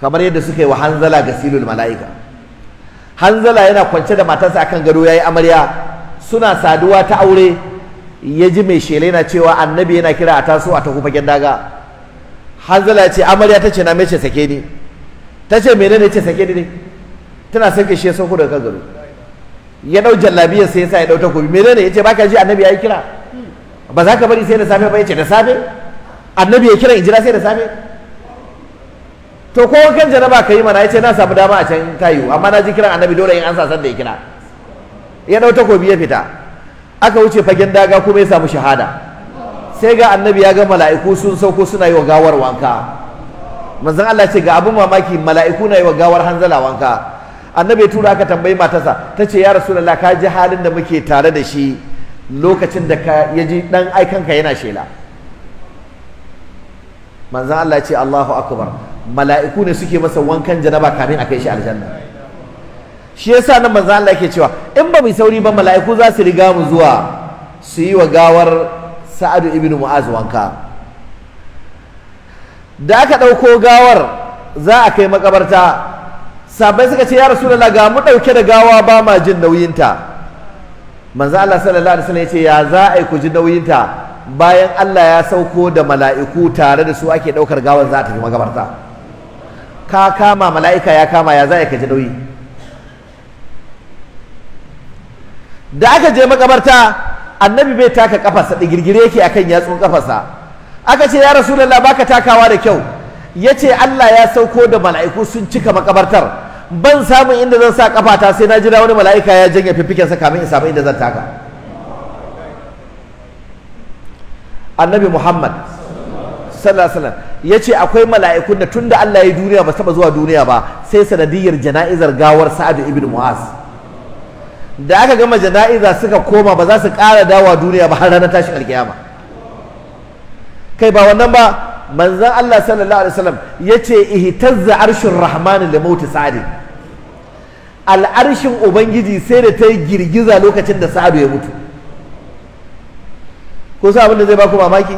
kamar yadda suka yi wa hanzala ga silul mala'ika hanzala yana kwance da matarsa akan gado ya yi amarya suna saduwa ta aure ya ji mai shela yana cewa annabi yana kira a taso a tafi fagen daga hanzala ya ce amarya ta ce na mece sake ni ta ce menene ce sake ni ne tana sake shi ya sauko daga kan gado ya dau jallabiya sai sa ya dau takobi menene yace baka ji annabi yayi kira ba za ka bari sai da safe ba yace da safe annabi ya kira in jira sai da safe to ko kan ka kai mana yace na samu dama a can kayu amma na ji kiran annabi dole in an sa san da ya kira ya dau kobi ya fita aka wuce fagen daga kuma ya samu shahada sai ga annabi ya ga mala'iku sun sauko suna yi wa gawar wanka manzon Allah ce ga abin mamaki mala'iku na yi wa gawar hanzala wanka annabi ya tura aka tambayi matarsa ta ce ya rasulullah ka ji halin da muke tare da shi lokacin da ya ji dan aikanka yana shela manzan Allah ce Allahu akbar mala'iku ne suke masa wankan janaba kafin a kai shi aljanna shi yasa nan manza Allah yake cewa in ba mu sauri ba mala'iku za su riga mu zuwa su yi wa gawar Sa'adu ibn Mu'az wanka da aka ɗauko gawar za a kai makabarta sahabbai suka ce ya rasulullah ga mu dauke da gawa ba ma jin nauyinta manzo Allah sallallahu alaihi wasallam ya ce ya za a ku ji nauyinta bayan Allah ya sauko da mala'iku tare da su ake daukar gawan za ta tafi magabarta ka kama mala'ika ya kama ya za a ka ji nauyi da aka je magabarta annabi bai taka kafarsa da girgire yake akan yatsun kafarsa aka ce ya rasulullah baka takawa da kyau yace Allah ya sauko da mala'iku sun cika makabartar ban samu inda zan sa kafata sai na jira wani mala'ika ya janye fifikensa kamin in samu inda zan taka annabi muhammad sallallahu ya ce akwai mala'ikun da tunda allah ya duniya ba taba zuwa duniya ba sai sanadiyar jana'izar gawar sa'adu ibn mu'az da aka gama jana'iza suka koma ba za su ƙara dawa duniya ba har ranar tashi alkiyama kai ba wannan ba manzan Allah sallallahu alaihi wasallam ce ihtazza arshin rahmanin da mautu sa'ad al'arshin ubangiji sai da ta yi girgiza lokacin da sa'adu ya mutu ko sa abin da zai baku mamaki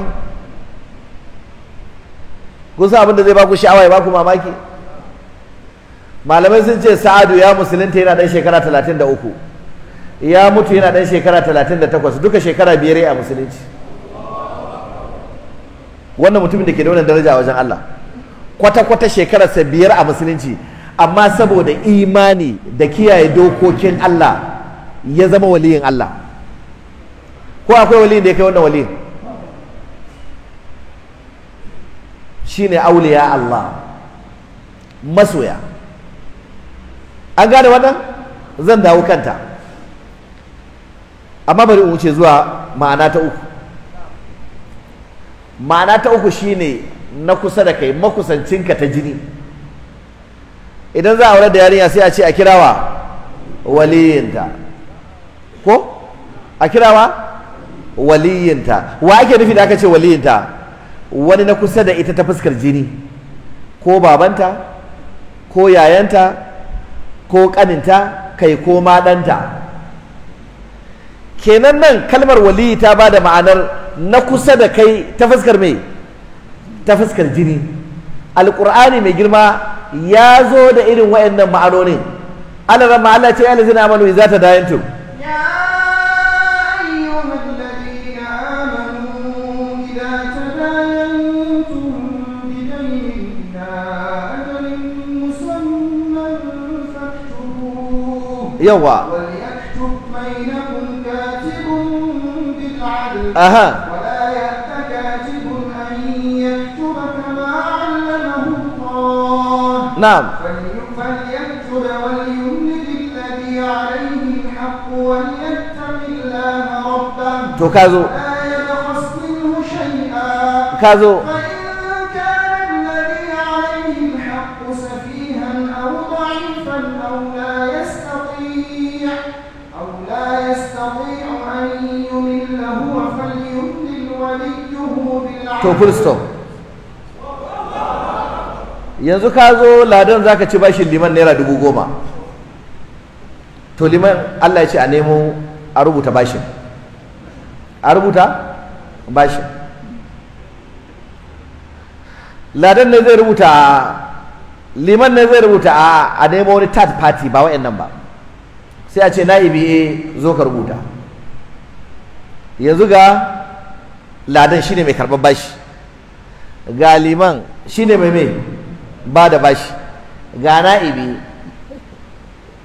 ko sa abin da zai baku sha'awa ya baku mamaki malamai sun ce sa'adu ya musulunta yana dan shekara 33 ya mutu yana dan shekara 38 duka shekara biyar ya musulunci wannan mutumin da ke da wannan daraja a wajen Allah kwata-kwata sa biyar a musulunci amma saboda imani da kiyaye dokokin Allah ya zama waliyin Allah ko akwai waliyin da ya kai wannan waliyin shine auliya Allah masoya an gane wannan zan dawo kanta amma bari in wuce zuwa ma'ana ta uku ma'ana ta uku shine na kusa da kai makusancinka ta jini idan za a aure da yarinya sai a ce a kirawa waliyinta ko a kirawa waliyinta wa ake nufi da aka ce waliyinta wani na kusa da ita ta fuskar jini ko babanta ko yayanta ko kaninta kai ko maɗanta kenan nan kalmar wali ta ba da ma'anar na kusa da kai ta fuskar mai ta fuskar jini alƙur'ani mai girma ya zo da irin wa'annan ma'anoni Allah rama Allah ce ayyuhal ladina amanu za ta ya yawa أها ولا يأت كاتب أن يكتب كما علمه الله نعم فليكتب وليملل الذي عليه الحق وليتق الله ربه تو كازو لا يبخس منه شيئا كازو to full yanzu ka zo ladan zaka ci bashin liman naira dubu goma to liman Allah ya ce a nemo a rubuta bashin a rubuta bashin ladan ne zai rubuta liman ne zai rubuta a nemo wani third party ba nan ba sai a ce na ibi e zo ka rubuta yanzu ga ladan shine mai karban bashi ga liman shine mai mai ba da bashi ga na'ibi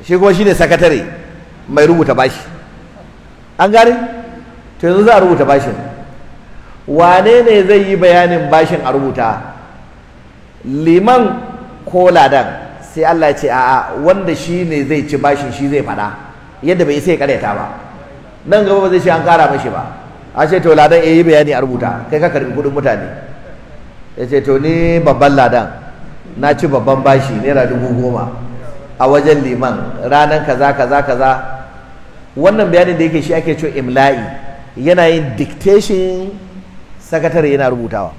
shi kuma shine sakatare mai rubuta bashi an gari to yanzu za a rubuta bashin wane ne zai yi bayanin bashin a rubuta liman ko ladan sai Allah ya ce a'a wanda shi ne zai ci bashin shi zai fada yadda bai sai ya karyata ba nan gaba ba zai ce an kara mashi ba a ce to ladan eh yi bayani a rubuta kai ka karbi kudin mutane ya ce to ni babban ladan na ci babban bashi naira dubu goma a wajen liman ranar kaza kaza kaza wannan bayanin da yake shi ake cewa imla'i yana yin dictation sakatare yana rubutawa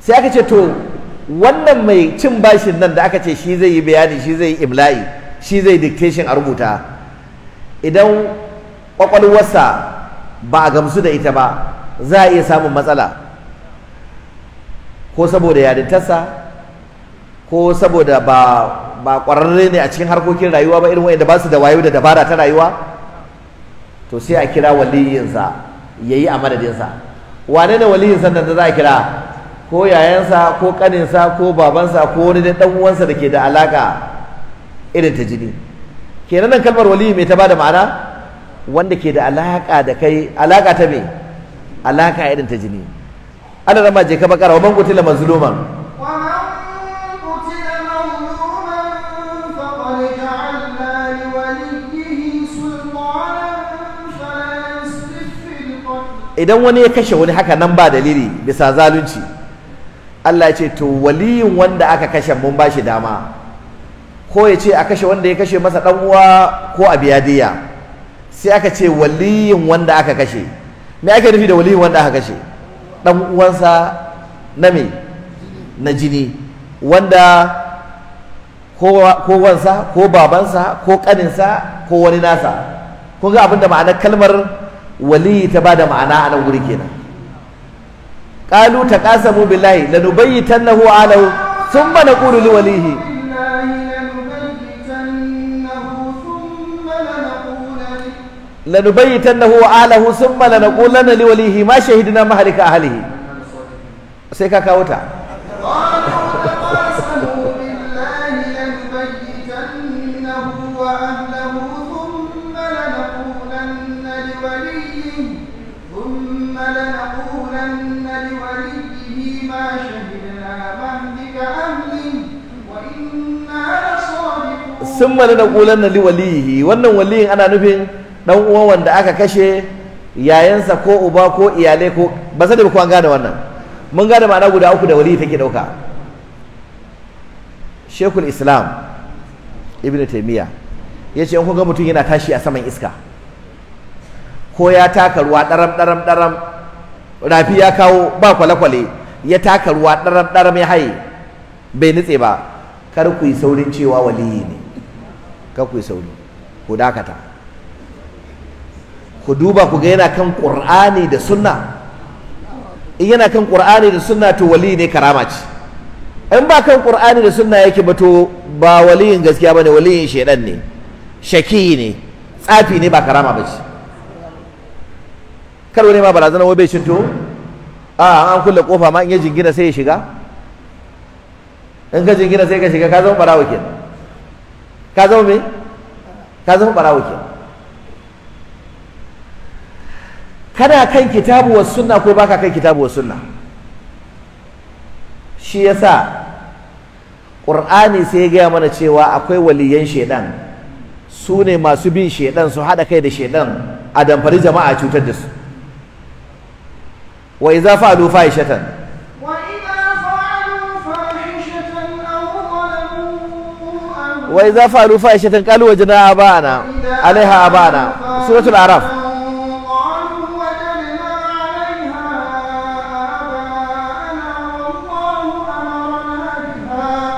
sai aka ce to wannan mai cin bashin nan da aka ce shi zai yi bayani shi zai yi imla'i shi zai dictation a rubuta idan kwakwalwarsa ba a gamsu da ita ba za a iya samun matsala ko saboda yadintarsa ko saboda ba ba ƙwararre ne a cikin harkokin rayuwa ba irin wanda ba su da wayo da dabara ta rayuwa to sai a kira waliyinsa ya yi a madadinsa wane ne waliyinsa da za a kira ko yayansa ko ƙaninsa ko babansa ko wani da ɗan uwansa da ke da alaka irin ta jini kenan nan kalmar waliyi mai ta ba da ma'ana wanda ke da alaka da kai alaka ta me alaka irin ta jini ana rama je ka bakara wa man mazluman idan wani ya kashe wani haka nan ba dalili bisa zalunci Allah ya ce to waliyin wanda aka kashe mun bashi dama ko ya ce a kashe wanda ya kashe masa dan uwa ko a biya diya sai aka ce waliyin wanda aka kashe me ake nufi da waliyin wanda aka kashe dan uwansa na me na jini wanda ko wansa ko babansa ko kaninsa ko wani nasa kun ga abinda ma'anar kalmar waliyi ta bada ma'ana a nan guri kenan qalu taqasamu billahi lanubayyitannahu alau thumma naqulu liwalihi lanubayyitannahu wa ahlihi thumma lanaqulanna liwalihi ma shahidna mahalika ahlihi sai ka kawo ta sun mana da ƙulan na liwalihi wannan waliyin ana nufin dan uwa wanda aka kashe yayansa ko uba ko iyalai ko ba sai da ku an gane wannan mun gane ma'ana guda uku da wali take dauka shekul islam ibn taimiyya ya ce in kun mutum yana tashi a saman iska ko ya taka ruwa ɗaram ɗaram ɗaram rafi ya kawo ba kwale-kwale ya taka ruwa ɗaram ɗaram ya haye bai nutse ba kar ku yi saurin cewa waliyi ne kar ku yi sauri ku dakata ku duba ku ga yana kan qur'ani da sunna in yana kan qur'ani da sunna to wali ne karama ce in ba kan qur'ani da sunna yake ba to ba waliyin gaskiya bane waliyin shedan ne shaki ne tsafi ne ba karama ba ce kar wani ma barazana wai bai shinto a an kulle kofa ma in ya jingina sai ya shiga in ka jingina sai ka shiga ka zama barawo kenan ka zama me ka zama barawo kenan kana kan kitabu wa sunna ko baka kan kitabu wa sunna shi yasa qur'ani sai ya gaya mana cewa akwai waliyan shaidan su ne masu bin shaidan su haɗa kai da shaidan a damfari jama'a cutar da su wa iza fa'alu fahishatan wa iza fa'alu fahishatan qalu wajna abana alaiha abana suratul araf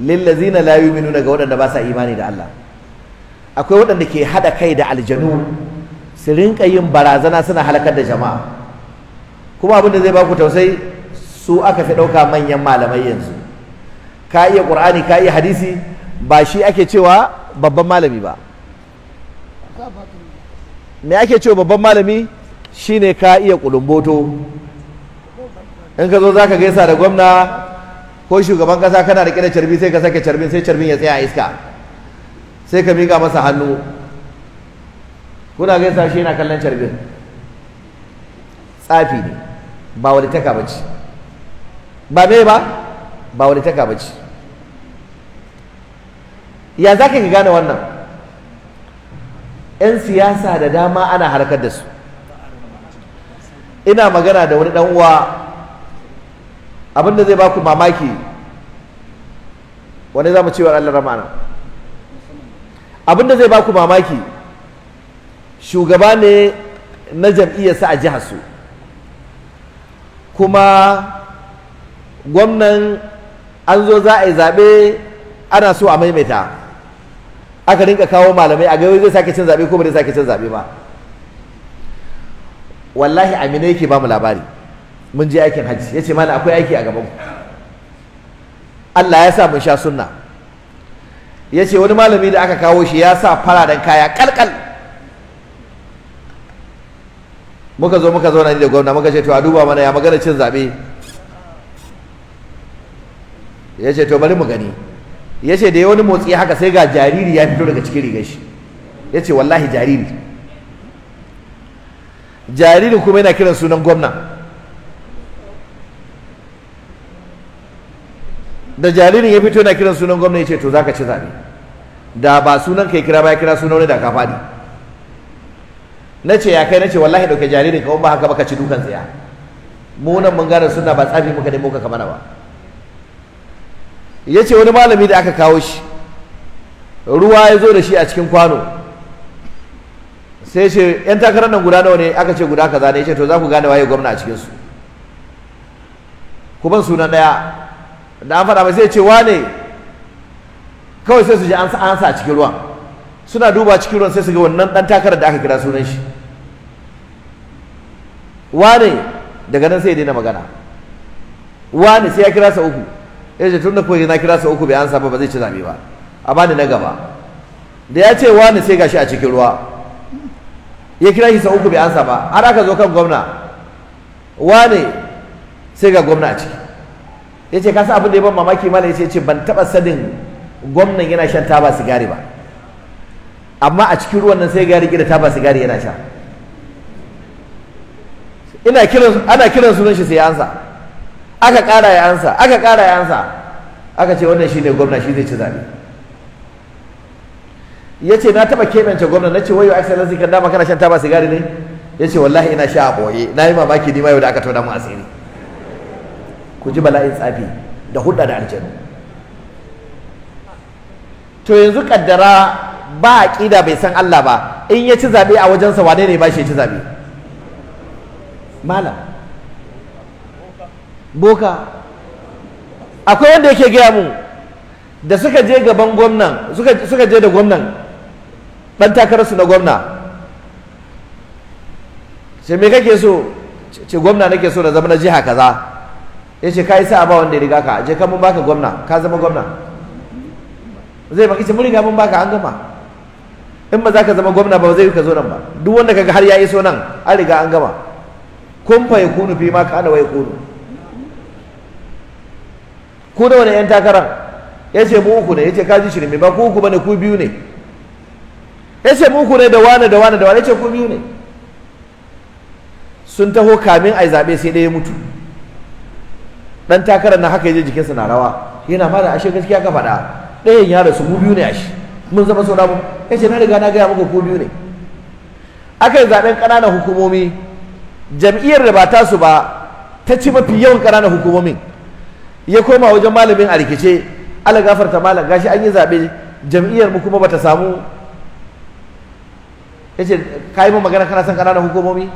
lillazina la yu'minuna ga wadanda ba sa imani da Allah akwai wadanda ke hada kai da aljanu su rinka yin barazana suna halakar da jama'a kuma abin da zai baku tausayi su aka fi dauka manyan malamai yanzu ka iya qur'ani ka iya hadisi ba shi ake cewa babban malami ba me ake cewa babban malami shine ka iya kulumboto in ka zo zaka gaisa da gwamna ko shugaban kasa kana riƙe da carbi sai ka sake carbin sai carbin ya tsaya a iska sai ka miƙa masa hannu kuna gaisa shi yana kallon carbin tsafi ne ba wani taka bace ba me ba ba wani taka bace ya za ka gane wannan 'yan siyasa da dama ana harkar da su ina magana da wani dan uwa abin da zai baku mamaki wani za mu cewa Allah ramana abin da zai baku mamaki shugaba ne na jam'iyyarsa a jihar su kuma gwamnan an zo za a yi zaɓe ana so a maimaita aka rinka kawo malamai a gaiwa zai sake cin zaɓe ko ba zai sake cin zaɓe ba wallahi amina yake ba mu labari mun je aikin hajji ya ce mana akwai aiki a gaban Allah ya sa mun sha sunna ya ce wani malami da aka kawo shi ya sa fararen kaya kalkal muka zo muka zauna ni da gwamna muka ce to a duba mana ya magana cin zaɓe ya ce to bari mu gani ya ce da ya wani motsi haka sai ga jariri ya fito daga cikin rigar shi ya ce wallahi jariri jariri kuma yana kiran sunan gwamna da jaririn ya fito yana kiran sunan gwamna ya ce to zaka ci zabe da ba sunan kai kira ba ya kira sunan wani da ka fadi na ce ya kai na ce wallahi dauke jaririn ka ba haka baka ci dukan tsaya mu nan mun gane suna ba tsafi muka dai muka kamana ba ya ce wani malami da aka kawo shi ruwa ya zo da shi a cikin kwano sai ce yan takarar nan guda nawa ne aka ce guda kaza ne ya ce to za ku gane waye gwamna a cikinsu ku ban suna ɗaya da an faɗa ba zai ce wane kawai sai su ji an sa a cikin ruwan suna duba cikin ruwan sai su ga wannan ɗan takarar da aka kira sunan shi wane daga nan sai ya daina magana wane sai ya kira sa uku ya ce tun da kuwa na kira sa uku bai ansa ba ba zai ci zaɓe ba a bani na gaba da ya ce wane sai gashi a cikin ruwa ya kira shi sa uku bai ansa ba har aka zo kan gwamna wane sai ga gwamna a ciki ya ce kasa abin da ya ban mamaki mala ya ce ban taɓa sanin gwamnan yana shan taba sigari ba amma a cikin ruwan nan sai ga gida da taba sigari yana sha ina kiran ana kiran sunan shi sai ya ansa aka kara ya ansa aka kara ya ansa aka ce wannan shine gwamna shi zai ci zabi ya ce na taɓa kebance gwamna na ce wayo excellency kan dama kana shan taba sigari ne ya ce wallahi ina sha a ɓoye na yi mamaki ni ma yau da aka tona mu asiri ku ji bala'in tsafi da hudda da aljanu to yanzu kaddara ba aqida bai san Allah ba in ya ci zabe a wajensa wane ne ba shi ya ci zabe malam boka akwai wanda yake gaya mu da suka je gaban gwamnan suka je da gwamnan ɗan takararsu na gwamna ce me kake so ce gwamna nake so na zama na jiha kaza ya ce ka yi a ba wanda ya riga ka je ka mun baka gwamna ka zama gwamna zai baki ce mun riga mun baka an gama in ba za ka zama gwamna ba zai ka zo nan ba duk wanda kaga har ya iso nan an riga an gama kun fa kunu fi ma kana wai kunu ku da wani yan takarar ya ce mu uku ne ya ce ka ji shirme ba ku uku bane ku biyu ne ya ce mu uku ne da wane da wane da wane ya ce ku biyu ne sun taho kamin a yi zaɓe sai ɗaya mutu dan takarar na haka yaje jikinsa na rawa yana da ashe gaskiya ka faɗa ɗayan ya rasu mu biyu ne ashe mun zama saura mu ce na riga na gaya muku ko biyu ne aka yi zaben ƙananan hukumomi jam'iyyar da ba ta su ba ta ci mafi yawan ƙananan hukumomin ya koma wajen malamin a rikice ala gafarta malam gashi an yi zaɓe jam'iyyar mu kuma bata samu ya ce ka yi magana kana son ƙananan hukumomi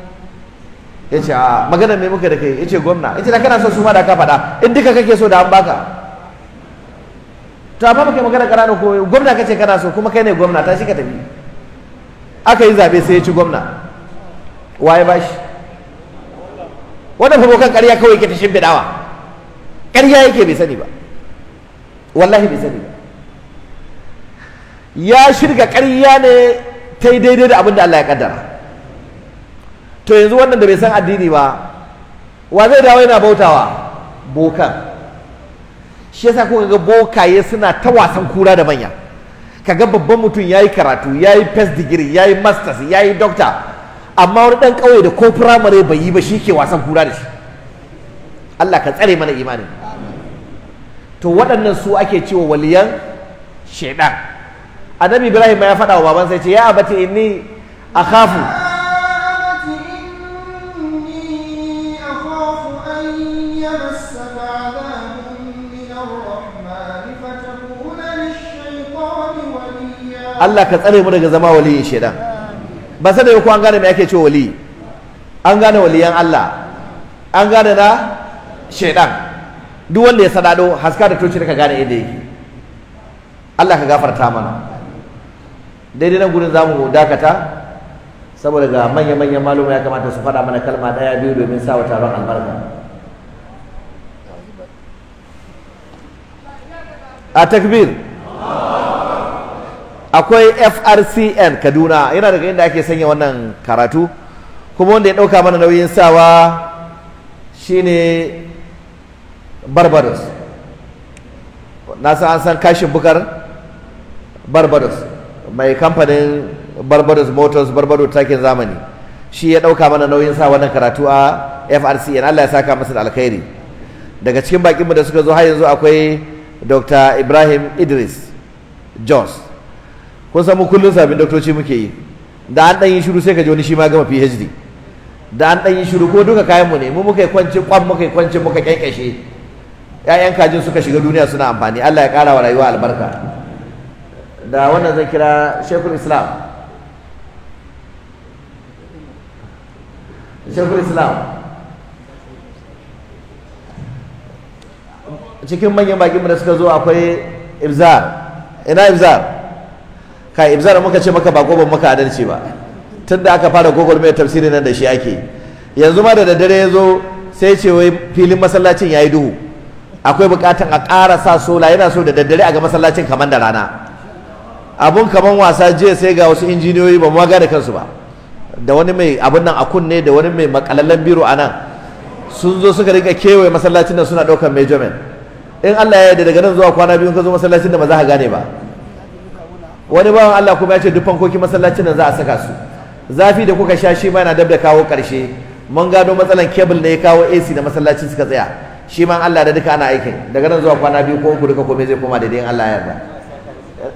ya ce a ah, magana mai muka da kai ya ce gwamna ya ce da kana so su ma da ka faɗa in duka kake so da an baka to amma baka magana ƙananan ko gwamna kace kana so kuma kai ne gwamna ta shi ka tafi aka yi zaɓe sai ya ci gwamna waye ba shi wannan bokan ƙarya kawai ke ta shimfiɗawa ƙarya yake bai sani ba wallahi bai sani ba ya shirga ƙarya ne ta yi daidai da abin da Allah ya kaddara to yanzu wannan da bai san addini ba wa zai dawo yana bautawa bokan shi yasa kuka ga bokaye suna ta wasan kura da manya kaga babban mutum ya yi karatu ya yayi first degree yi masters ya yi doctor amma wani dan kauye da ko firamare bai yi ba shi ke wasan kura da shi Allah ka tsare mana imanin to waɗannan su ake cewa waliyan shaidan annabi ibrahim ya faɗa wa babansa ya ce ya abati inni akhafu Allah ka tsare mu daga zama waliyin shaidan ba sai da ku an gane me ake cewa wali an gane waliyan Allah an gane na shaidan duk wanda ya sadado haska da toci ka gane yadda yake Allah ka gafarta mana daidai nan gurin zamu dakata saboda ga manya-manyan maluma ya kamata su faɗa mana kalma ɗaya biyu domin sa wata taron albarka a takbir akwai FRCN Kaduna yana daga inda ake sanya wannan karatu kuma wanda ya dauka mana nauyin sawa shine Barbados na san an san kashin bukar Barbados mai kamfanin Barbados Motors Barbados takin zamani shi ya dauka mana nauyin sa wannan karatu a FRCN Allah ya saka masa da alkhairi daga cikin bakinmu da suka zo har yanzu akwai Dr. Ibrahim Idris Jones kun samu kullum sabbin doktoci muke yi da an ɗan yi shiru sai ka ji wani shi ma gama PhD da an ɗan yi shiru ko duka kayanmu ne mu muka yi kwanci kwan muka yi kwanci muka kyankyashe ƴaƴan kajin suka shiga duniya suna amfani Allah ya ƙara wa rayuwa albarka da wannan zan kira Sheikhul Islam Sheikhul Islam cikin manyan bakinmu da suka zo akwai Ibzar ina Ibzar ka ibzara muka ce maka ba ko ban maka adalci ba tunda aka fara gogol mai tafsirin nan da shi ake yanzu ma da daddare ya zo sai ce wai filin masallacin ya yi duhu akwai bukatan a ƙara sa sola yana so da daddare a ga masallacin kamar da rana abun kamar wasa jiya sai ga wasu injiniyoyi ba mu da kansu ba da wani mai abun nan a kunne da wani mai makalallen biro a nan sun zo suka rika kewaye masallacin nan suna ɗaukar measurement in Allah ya yi daga nan zuwa kwana biyu ka zo masallacin da ba za ka gane ba wani bawan Allah kuma ya ce duk fankokin masallacin nan za a saka su zafi da kuka sha shi ma yana dab da kawo ƙarshe mun gano matsalan kebul ne ya kawo AC da masallacin suka tsaya shi ma Allah da duka ana aikin daga nan zuwa kwana biyu ko uku duka komai zai koma daidai in Allah ya yarda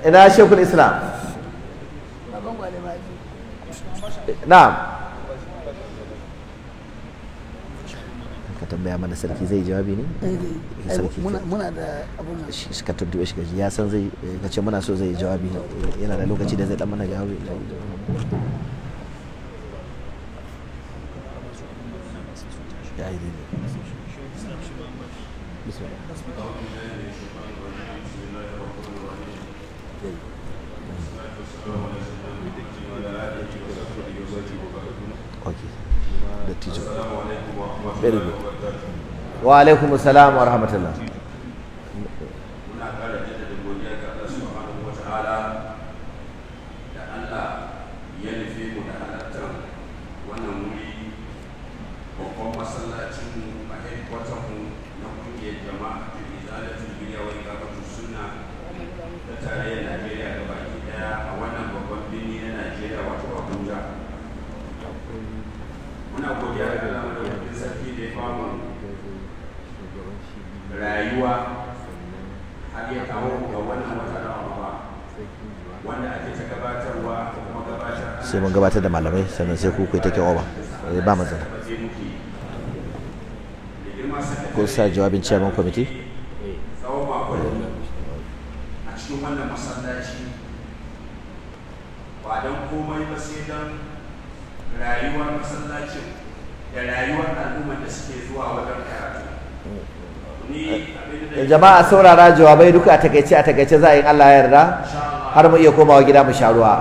ina shekul islam na'am tambaya mana sarki zai jawabi ne eh, eh, eh, muna da abun shi suka tuddube shi gaji ya san zai kace muna so zai jawabi yana da lokaci da zai dan mana jawabi Okay. Very good. wa alaikum wa rahmatullah sai mun gabatar da malamai sannan sai ku take oba eh, ba matsala ko sa jawabin chairman committee eh, jama'a saurara jawabai duka a takaice a takaice za a yi Allah ya yarda har mu iya komawa gida mu sha ruwa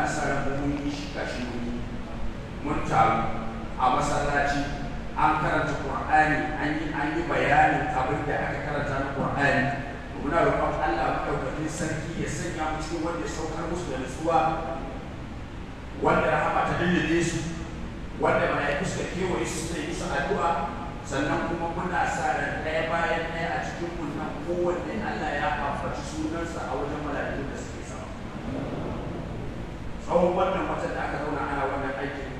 muna da mun yi shi kashi mun taru a masallaci an karanta qur'ani an yi an yi bayanin abin da aka karanta na qur'ani muna roƙon Allah madaukakin sarki ya sanya mu cikin wanda ya saukar musu da nutsuwa wanda rahama ta dinne su wanda mala'iku suka kewaye su suka yi musu addu'a sannan kuma muna sa ran ɗaya bayan ɗaya a cikin mun kowanne Allah ya fafaci sunansa a wajen mala'iku tsawon wannan watan da aka zauna ana wannan aikin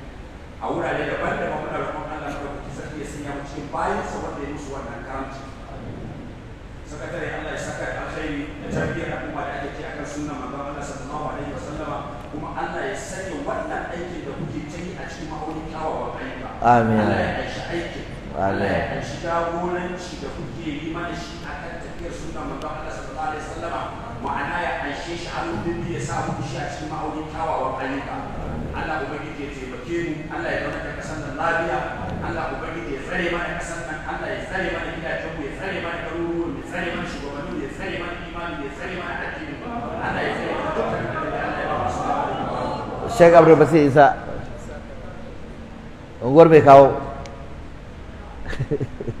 a wurare daban-daban muna roƙon Allah na ɗaukaki sarki ya sanya mu cikin bayan sa wanda ya musu wannan karamci sakatare Allah ya saka da alkhairi da tarbiyyar al'umma da ake ci akan sunnan manzon Allah sallallahu alaihi wasallama kuma Allah ya sanya wannan aikin da kuke ta a cikin ma'aunin kyawawan ayyuka amin Allah ya aishi aikin ma'ana ya aishe shi hannu bibbi ya sa muku shi a cikin ma'aunin kyawawan ayyuka Allah ubangiji ya taimake mu Allah ya zauna da kasan nan lafiya Allah ubangiji ya tsare mana kasan nan Allah ya tsare mana gidajen mu ya tsare mana garuruwan ya tsare mana shugabannin ya tsare mana imani ya tsare mana addini Allah ya tsare mana dukkan Sheikh Abdul Basir Isa unguwar bai kawo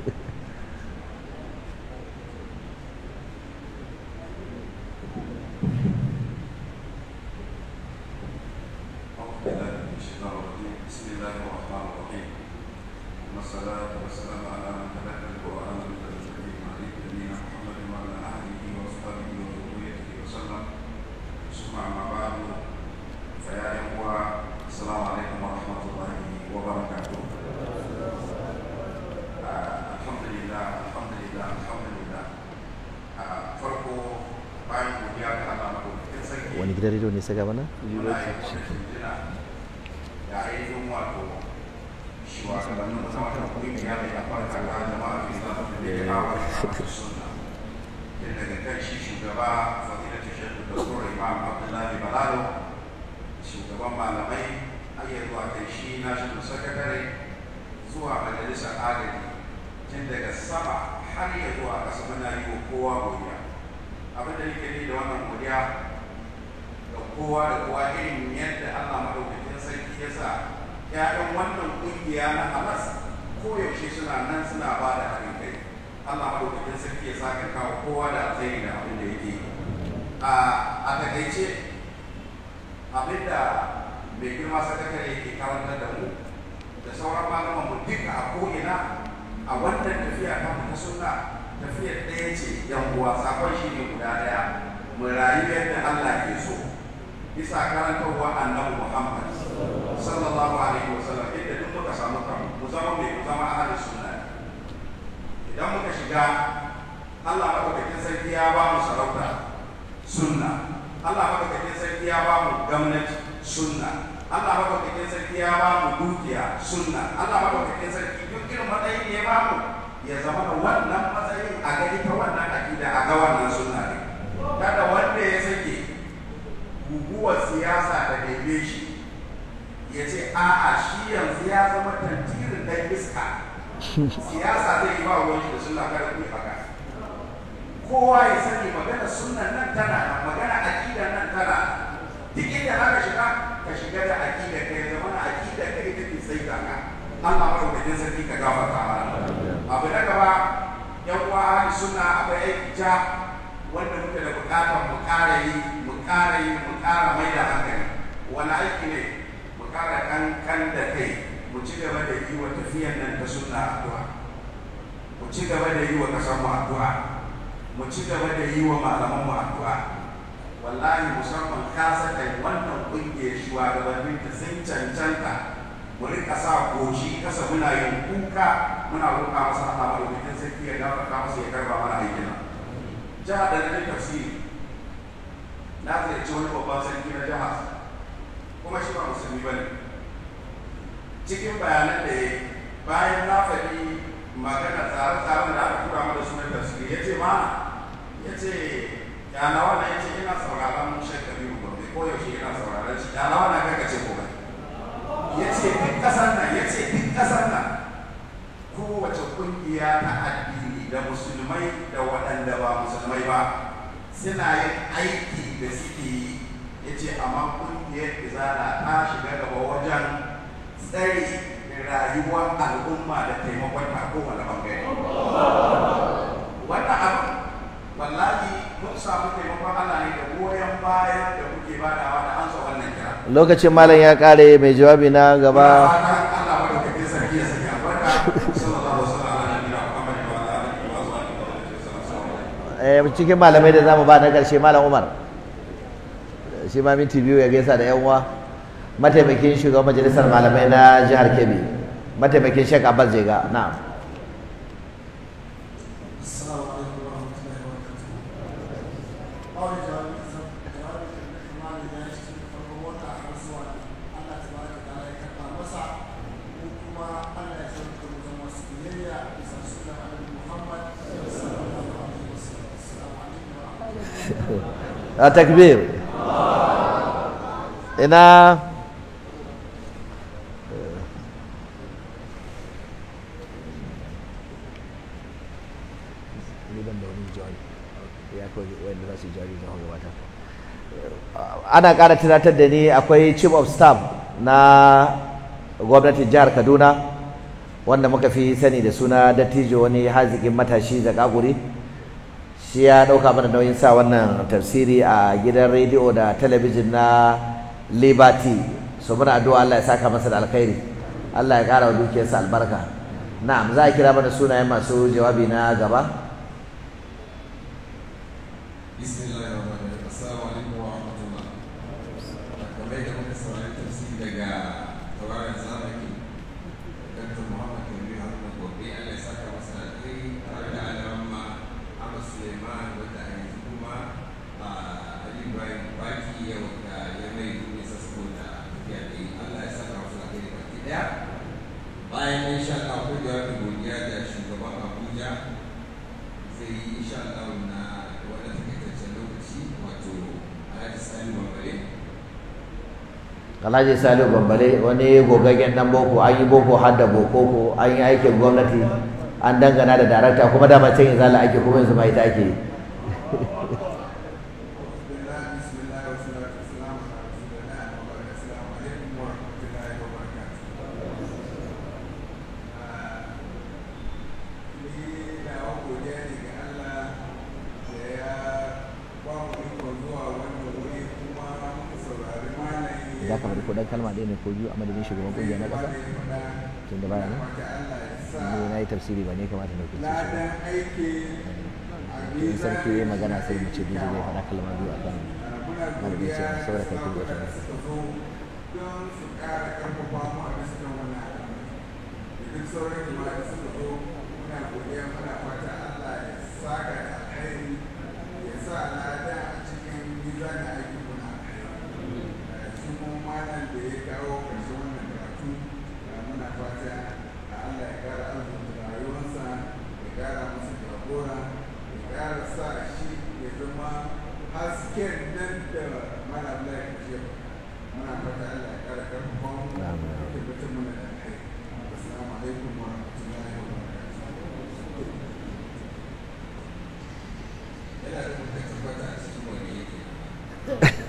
me você gaba na? shugaban eh. malamai ayyar zuwa kai shi national secretary zuwa majalisar agaji daga sama har kowa abin da nake da godiya ga kowa da kowa irin yadda Allah madaukakin sarki ya sa ‘ya'yan wannan ƙungiya na Hamas koyaushe suna nan suna ba da haɗin kai Allah madaukakin sarki ya sa ka kawo kowa da alkhairi da abin da yake a takaice abin da mai girma sakatare yake karantar da mu da sauran malaman mu duka a ko'ina a wannan tafiya ta ta sunna tafiyar ɗaya ce yan uwa sakon shi ne guda ɗaya mu rayu yadda Allah ke so bisa karantarwa annabi Muhammad sallallahu alaihi wasallam inda duk muka samu kanmu mu zama mai mu zama ahli sunna idan muka shiga Allah madaukakin sarki ya ba mu sarauta sunna Allah madaukakin sarki ya ba mu gwamnati sunna Allah madaukakin sarki ya ba mu dukiya sunna Allah madaukakin sarki duk irin matsayin da ya ba mu ya zama da wannan matsayin a gari ta wannan akida a ga wannan sunna ne kada kasa da daidai shi ya ce a'a shi yanzu ya zama tantirin dan iska siyasa zai yi ba wani da sunna kada kuma faka kowa ya sani magana sunan nan tana magana aqida nan tana duk inda haka shiga ka shiga da akida ka ya zama akida ka ita ke sai ka Allah madaukakin sarki ka gafarta abu na gaba yan uwa suna akwai aiki ja wanda muke da bukatar mu kare yi ƙara yi mu ƙara mai da hankali wani aiki ne mu ƙara kankan da kai mu ci gaba da yi wa tafiyan nan ta sunna addu'a mu ci gaba da yi wa ƙasar mu addu'a mu ci gaba da yi wa malaman mu addu'a wallahi musamman kasa kai wannan ƙungiyar shugabannin ta sun cancanta mu rika sa goshi kasa muna yin kuka muna roƙa masa Allah madaukakin sarki ya gafarta masa ya karba mana aikin jihar da na tafsiri na ziyarci wani babban sarki na jiha kuma shi ba musulmi ba ne cikin bayanan da ya bayan na faɗi magana tsare-tsaren da aka tura mana sunan tafsiri ya ce ma ya ce ya na wannan ya ce ina sauraron shekaru gobe ko yaushe ina sauraron shi ya na wannan kai ka ce ko ya ce duk kasar nan ya ce duk kasar nan kowace ƙungiya ta addini da musulmai da waɗanda ba musulmai ba suna yin aiki da suke yi ya ce amma kungiyar a ta shiga gaba wajen tsari rayuwar al'umma da taimakon a kowane bangare wannan abu wallahi mun samu taimakon ana ne da goyon bayan da kuke ba da an wannan kira lokacin malam ya kare mai jawabi na gaba Allah madaukakin sarki ya sanya barka Eh, cikin malamai da zamu ba na ƙarshe malam Umar shi ma minti biyu ya gaisa da yan uwa mataimakin shugaban majalisar malamai na jihar Kebbi mataimakin Sheikh Abbas Jega na'am a takbir ana ƙara tunatar da ni akwai chief of staff na gwamnatin jihar kaduna wanda muka fi sani da suna dattijo wani haziƙin matashi zakaguri shi ya ɗauka mana nauyin sa wannan tafsiri a gidan rediyo da talabijin na liberty so muna addu'a Allah ya saka masa da alkhairi Allah ya ƙara wa dukiyarsa albarka na'am za a kira mana sunayen masu jawabi na gaba bismillahir alhaji salihu bambale wani gogaggen dan boko an yi boko har da boko ko an yi aikin gwamnati an dangana da darakta kuma dama can zala ake kuma yanzu ma ita ake yi kogi a madadin shugaban kungiya na ƙasa tun da baya ne na yi tafsiri ba ne kamata na kuce shi in sarki ya magana sai mu ce dole zai faɗa kalmar biyu a kan madadin ce na saura kai da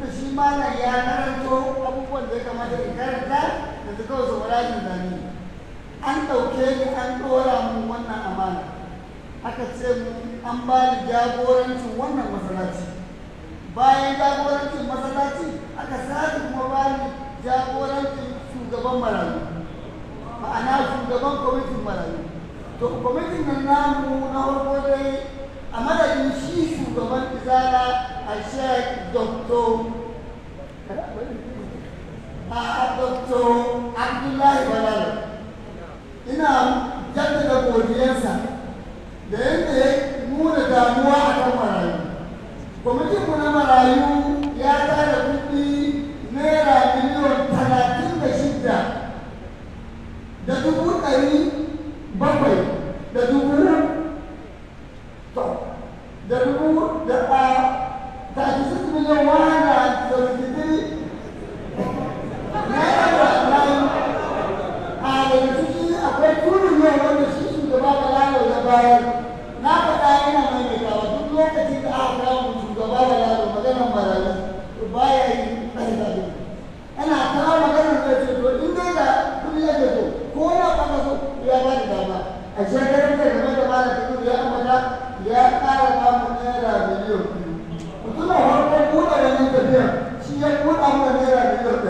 da shi mana ya karanto abubuwan da ya kamata in karanta da ta kawai saboda yin zane an ɗauke ni an ɗora mu wannan amana aka ce mu an ba ni jagorancin wannan masallaci bayan jagorancin masallaci aka sake kuma ba ni jagorancin shugaban marayu ma'ana shugaban kwamitin marayu to kwamitin nan namu na farko dai a madadin shi shugaban izala a shek doktor a doktor abdullahi balala ina jaddada godiyarsa da yadda ya nuna damuwa a kan marayu kwamitin na marayu ya tara kuɗi naira miliyon talatin da shida da dubu ɗari bakwai da dubu to da dubu da da six million one and seventy na faɗa yana maimaitawa duk lokacin da aka kawo shugaba da lalo a shekarar da da malam da ya tsara namun naira miliyan biyu mutumin farko buɗe da yin tafiya shi ya buɗe mana naira miliyan biyu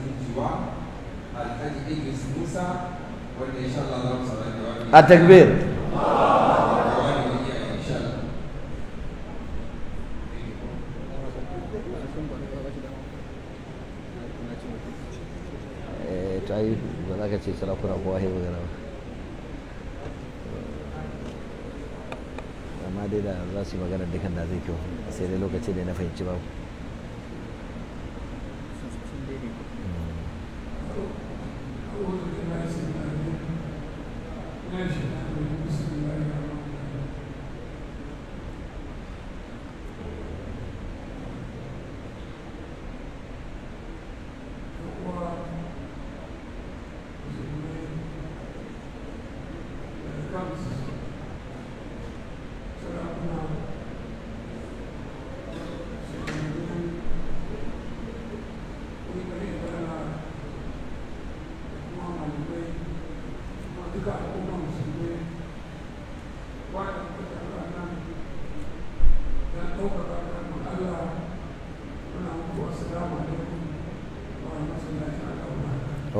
sa a takbir eh, kowa amma dai da za su yi magana dukan da zai kyau sai dai lokaci da na fahimci babu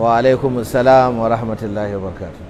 wa alaikum assalam wa rahmatullahi wa barakatuh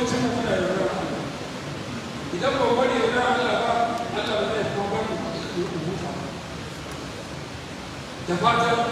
yawancin mu idan ba wani yarda Allah ba Allah ba zai kuma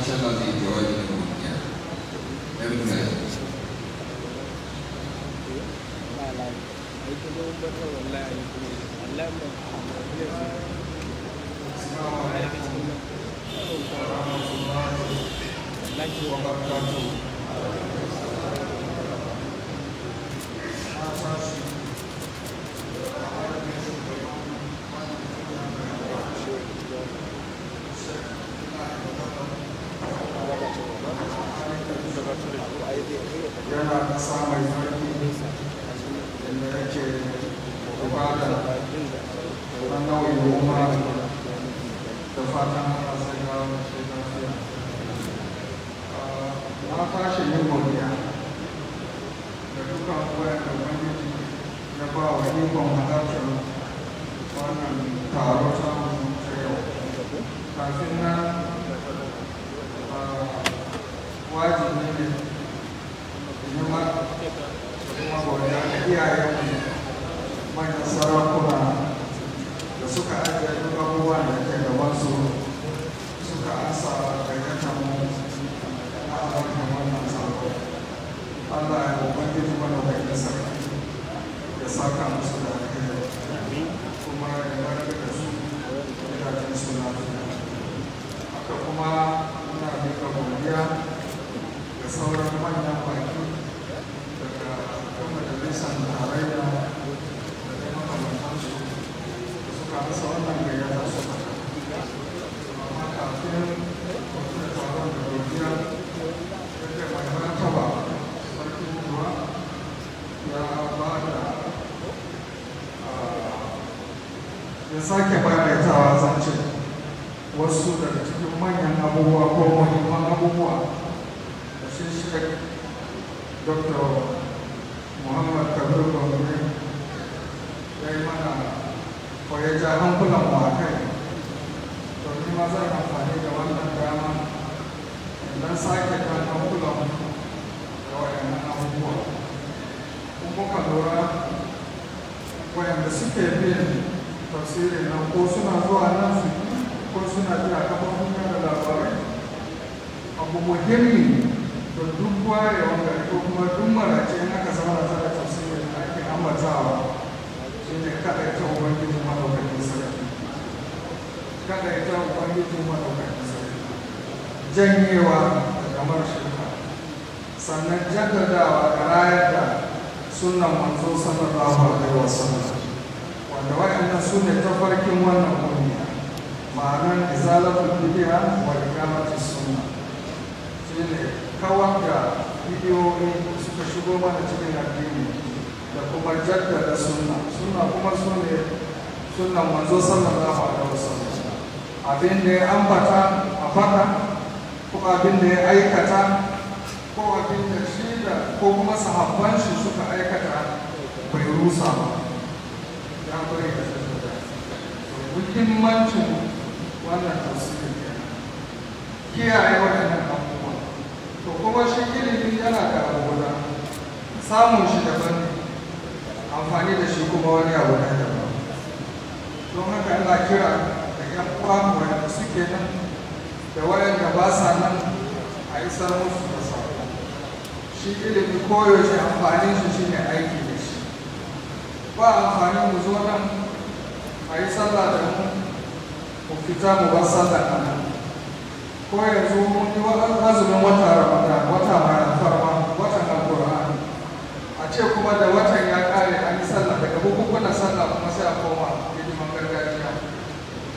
cominciato a dire oggi in Puglia. È un esempio. Thank you. izalatul bid'a wa iqamatis sunna shine kawar da bidiyoyi suka shigo mana cikin addini da kuma jaddada sunna sunna kuma sune sunnan manzo sallallahu alaihi wasallam abin da ya ambata a fata ko abin da ya aikata ko abin da shi da ko kuma sahabban shi suka aikata bai rusa ba ya bari da muhimmancin wannan kiyaye waɗannan abubuwa to kuma shi ilimi yana da abubuwa samun shi daban ne amfani da shi kuma wani abu na don haka kira da ƴan uwa suke da ba sa nan a shi ilimi koyaushe amfanin shi shine aiki da ba amfanin mu zo a yi sallah da mu mu fita mu na sallar nan ko yanzu mun yi azumin wata ramadan wata mai alfarma watan alqur'ani a ce kuma da watan ya kare an yi sallah daga bukukunan sallah kuma sai a koma hidiman gargajiya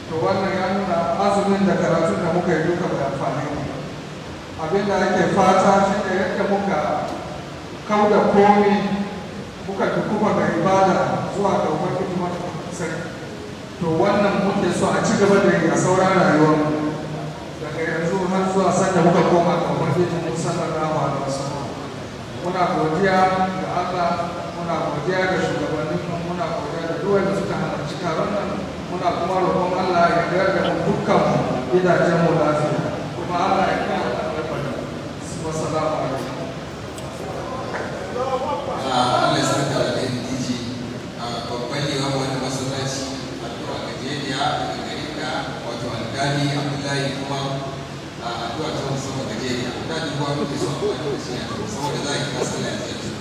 to wannan ya nuna azumin da karatun da muka yi duka bai amfani abin da ake fata shi ne yadda muka kau da komi muka dukuba ga ibada zuwa ga ubangiji kuma sarki to wannan muke so a ci gaba da yi a sauran rayuwar daga yanzu har zuwa sanda muka koma ga ubangiji mu sallallahu da wasu muna godiya ga Allah muna godiya ga shugabannin mu muna godiya da duwai da suka halarci taron nan muna kuma roƙon Allah ya garga mu dukkan gidajen mu lafiya kuma Allah ya kare mu wasu salamu alaikum ah, Ali Abdullahi Umar akiwa tangu somo kerja kadi kwa kuti somo kajeni somo kajeni kwa sala ya kajeni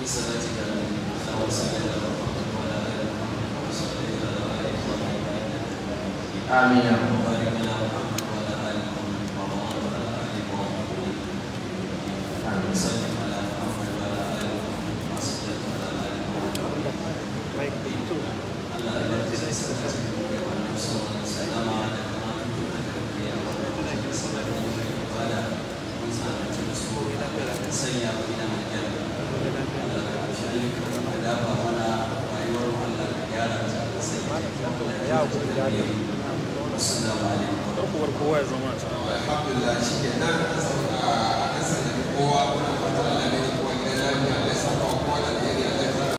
ni sadati kani sawa sala ya kajeni Amin ya Allah.